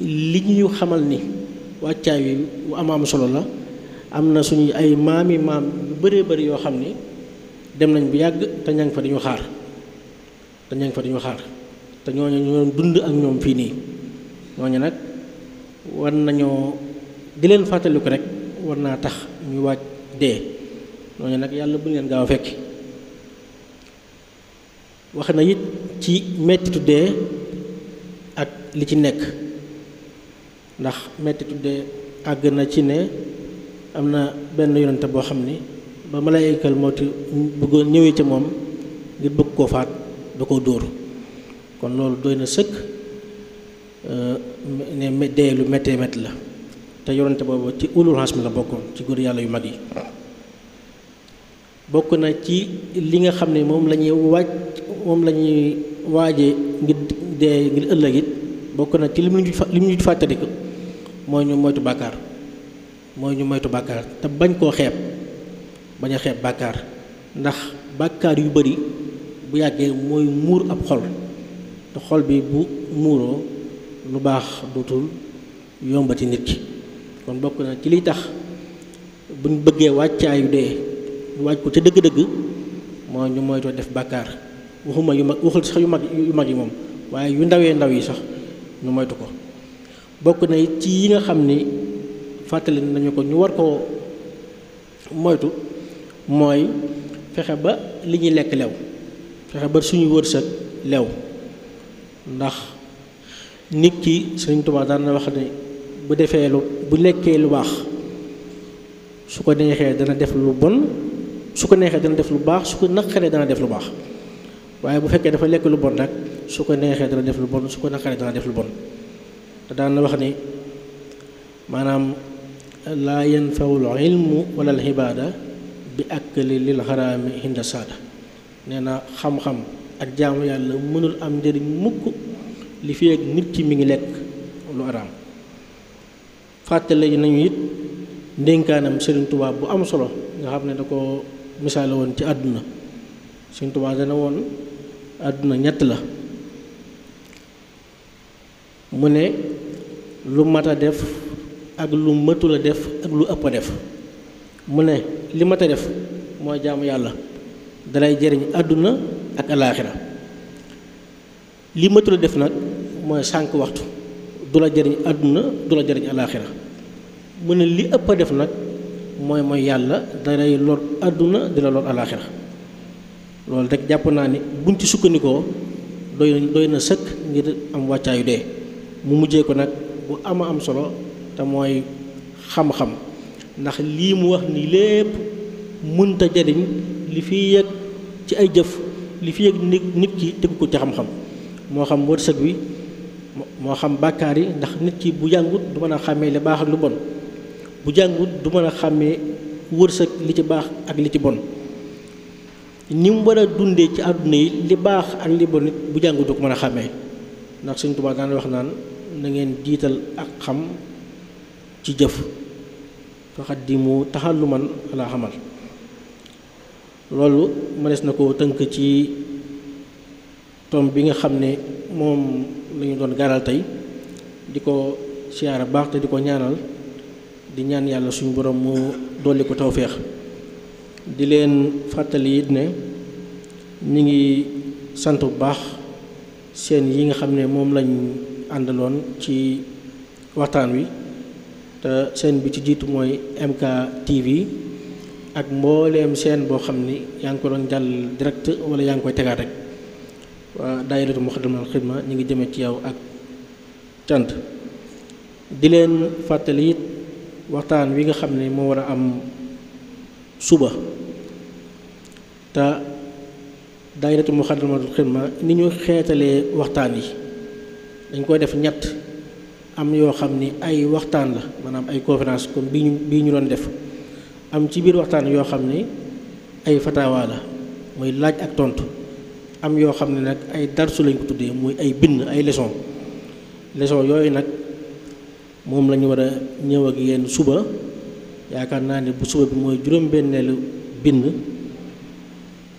li ñu xamal ni wàccaay wi bu am solo la am na suñu ay maami maam yu bëree bëri yoo xam ni dem nañ bu yàgg te ña nga fa dañu xaar te ña nga fa dañu xaar te ñooñu ñoo dund ak ñoom fii nii ñooñu nag war nañoo di leen fàttaliku rek war naa tax ñu waaj dee ñooñu nag yàlla bu ñu gaaw a fekk wax na it ci mettitu dee ak li ci nekk ndax metti tuddee àgg na ci ne am na benn yonente boo xam ni ba malaykal mawti bëggoon ñëwee ci moom ngir bëgg koo faat da ko dóor kon loolu doy na sëkk ne dee lu méttee métti la te yonente boobu ci ulul hasmi la bokkoon ci góor yàlla yu mag yi bokk na ci li nga xam ne moom la waaj moom la waaje ngir dee ngir ëllëg it bokk na ci li mu ñu li mu ñu fàttaliku mooy ñu moytu bàkkaar mooy ñu moytu bàkkaar te bañ koo xeeb bañ a xeeb bàkkaar ndax bàkkaar yu bari bu yàggee mooy muur ab xol te xol bi bu muuroo lu baax dootul yombati nit ki kon bokk na ci liy tax buñ bëggee wàccaayu dee wàcc ko ca dëgg-dëgg mooy ñu moytoo def bàkkaar waxuma yu mag waxul sax yu mag yu mag yi moom waaye yu ndawee ndaw yi sax ñu moytu ko bokk na it ci yi nga xam ni fàttali nañu ko ñu war koo moytu mooy fexe ba li ñuy lekk lew fexe ba suñu wërsëg lew ndax nit ki Sëriñ Tuubaa daan wax ne bu defee lu bu lekkee lu baax su ko neexee dana def lu bon su ko neexee dana def lu baax su ko naqaree dana def lu baax waaye bu fekkee dafa lekk lu bon nag su ko neexee dana def lu bon su ko naqaree dana def lu bon te daan na wax ni maanaam laa yanfawul ilmu wala al ibaada bi akli lil xaraami hinda saada nee na xam-xam ak jaamu yàlla mënul am njëriñ mukk li fi ak nit ki mi ngi lekk lu araam fàttale nañu it ndénkaanam Sëriñ tubaab bu am solo nga xam ne da ko misaale woon ci àdduna Sëriñ Tuubaa dana woon àdduna ñett la mu ne lu mat a def ak lu mëtul a def ak lu ëpp a def mu ne li mat a def mooy jaamu yàlla daray jëriñ àdduna ak alaaxira li mëtula def nag mooy sànq waxtu du la jëriñ àdduna du la jëriñ alaaxira mu ne li ëpp def nag mooy mooy yàlla dalay lor àdduna di la lor alaaxira loolu rek jàpp naa ne buñ ci sukkandikoo doy doy na sëkk ngir am wàccaayu dee mu mujjee ko nag bu ama am solo te mooy xam-xam ndax lii mu wax nii lépp mënta jariñ li fi yëg ci ay jëf li fi yëg nit ki tegu ko ci xam-xam moo xam wërsëg wi moo xam bàkkaar yi ndax nit ki bu jàngut du mën a xàmmee li baax ak lu bon bu jàngut du mën a xàmmee wërsëg li ci baax ak li ci bon ni mu war a dundee ci àdduna yi li baax ak libon nit bu jàngu ko mën a xàmmee ndax Sëñ Tuubaa daan wax naan na ngeen jiital ak xam ci jëf lu taxalluman ala xamal loolu mënees na ko tënk ci tom bi nga xam ne moom lañu doon gaaral tey di ko siyaara baax te di ko ñaanal di ñaan yàlla suñu borom mu dolli ko tawféex di leen fàttali it ne ñu ngi sant bu baax seen yi nga xam ne moom lañu àndaloon ci waxtaan wi te seen bi ci jiitu mooy MK TV ak mbooleem seen boo xam ne yaa ngi ko doon jàll direct wala yaa ngi koy tegaat rek waa daayiratu Muxaddamatul Xidma ñu ngi jëmee ci yow ak cant di leen fàttali it waxtaan wi nga xam ne moo war a am suba te daayiratu Muxaddamatul Xidma ni ñu xeetalee waxtaan yi dañ koy def ñett am yoo xam ni ay waxtaan la maanaam ay conférence comme bi ñu bii ñu doon def am ci biir waxtaan yoo xam ni ay fatawa la mooy laaj ak tontu am yoo xam ne nag ay darsu lañ ko tuddee muy ay bind ay leçon leson yooyu nag moom lañu ñu war a ñëw ak yéen suba yaakaar naa ne bu suba bi mooy juróom-benneelu bind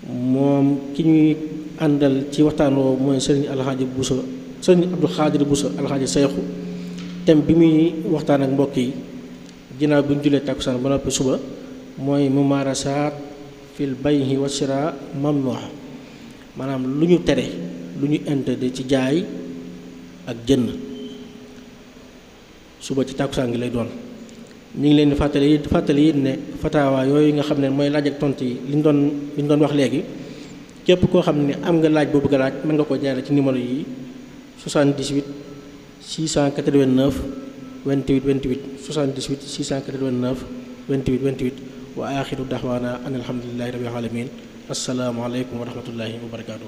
moom ki ñuy àndal ci waxtaan woo mooy sëriñ alxaaji Buso sëriñ Abdou Xaadir Buso alxaaji Seexu thème bi muy waxtaan ak mbokk yi ginnaaw bi ñu jullee tàkkusaan ba noppi suba mooy mumaarasaat fil bayhi wa shira mamnuh maanaam lu ñu tere lu ñu interdit ci jaay ak jënd suba ci tàkkusaan ngi lay doon ñu ngi leen di fàttali fàttali it ne fatawa yooyu nga xam ne mooy laaj ak tontu yi li ñu doon li ñu doon wax léegi képp koo xam ne am nga laaj boobu bëgg laaj mën nga koo jaaree ci numéro yi 78 689 28 28 78 689 28 28 wa axiru daxwaana an alhamdulilahi rabil alamin asalaamaaleykum wa rahmatullahi wa barakaatu.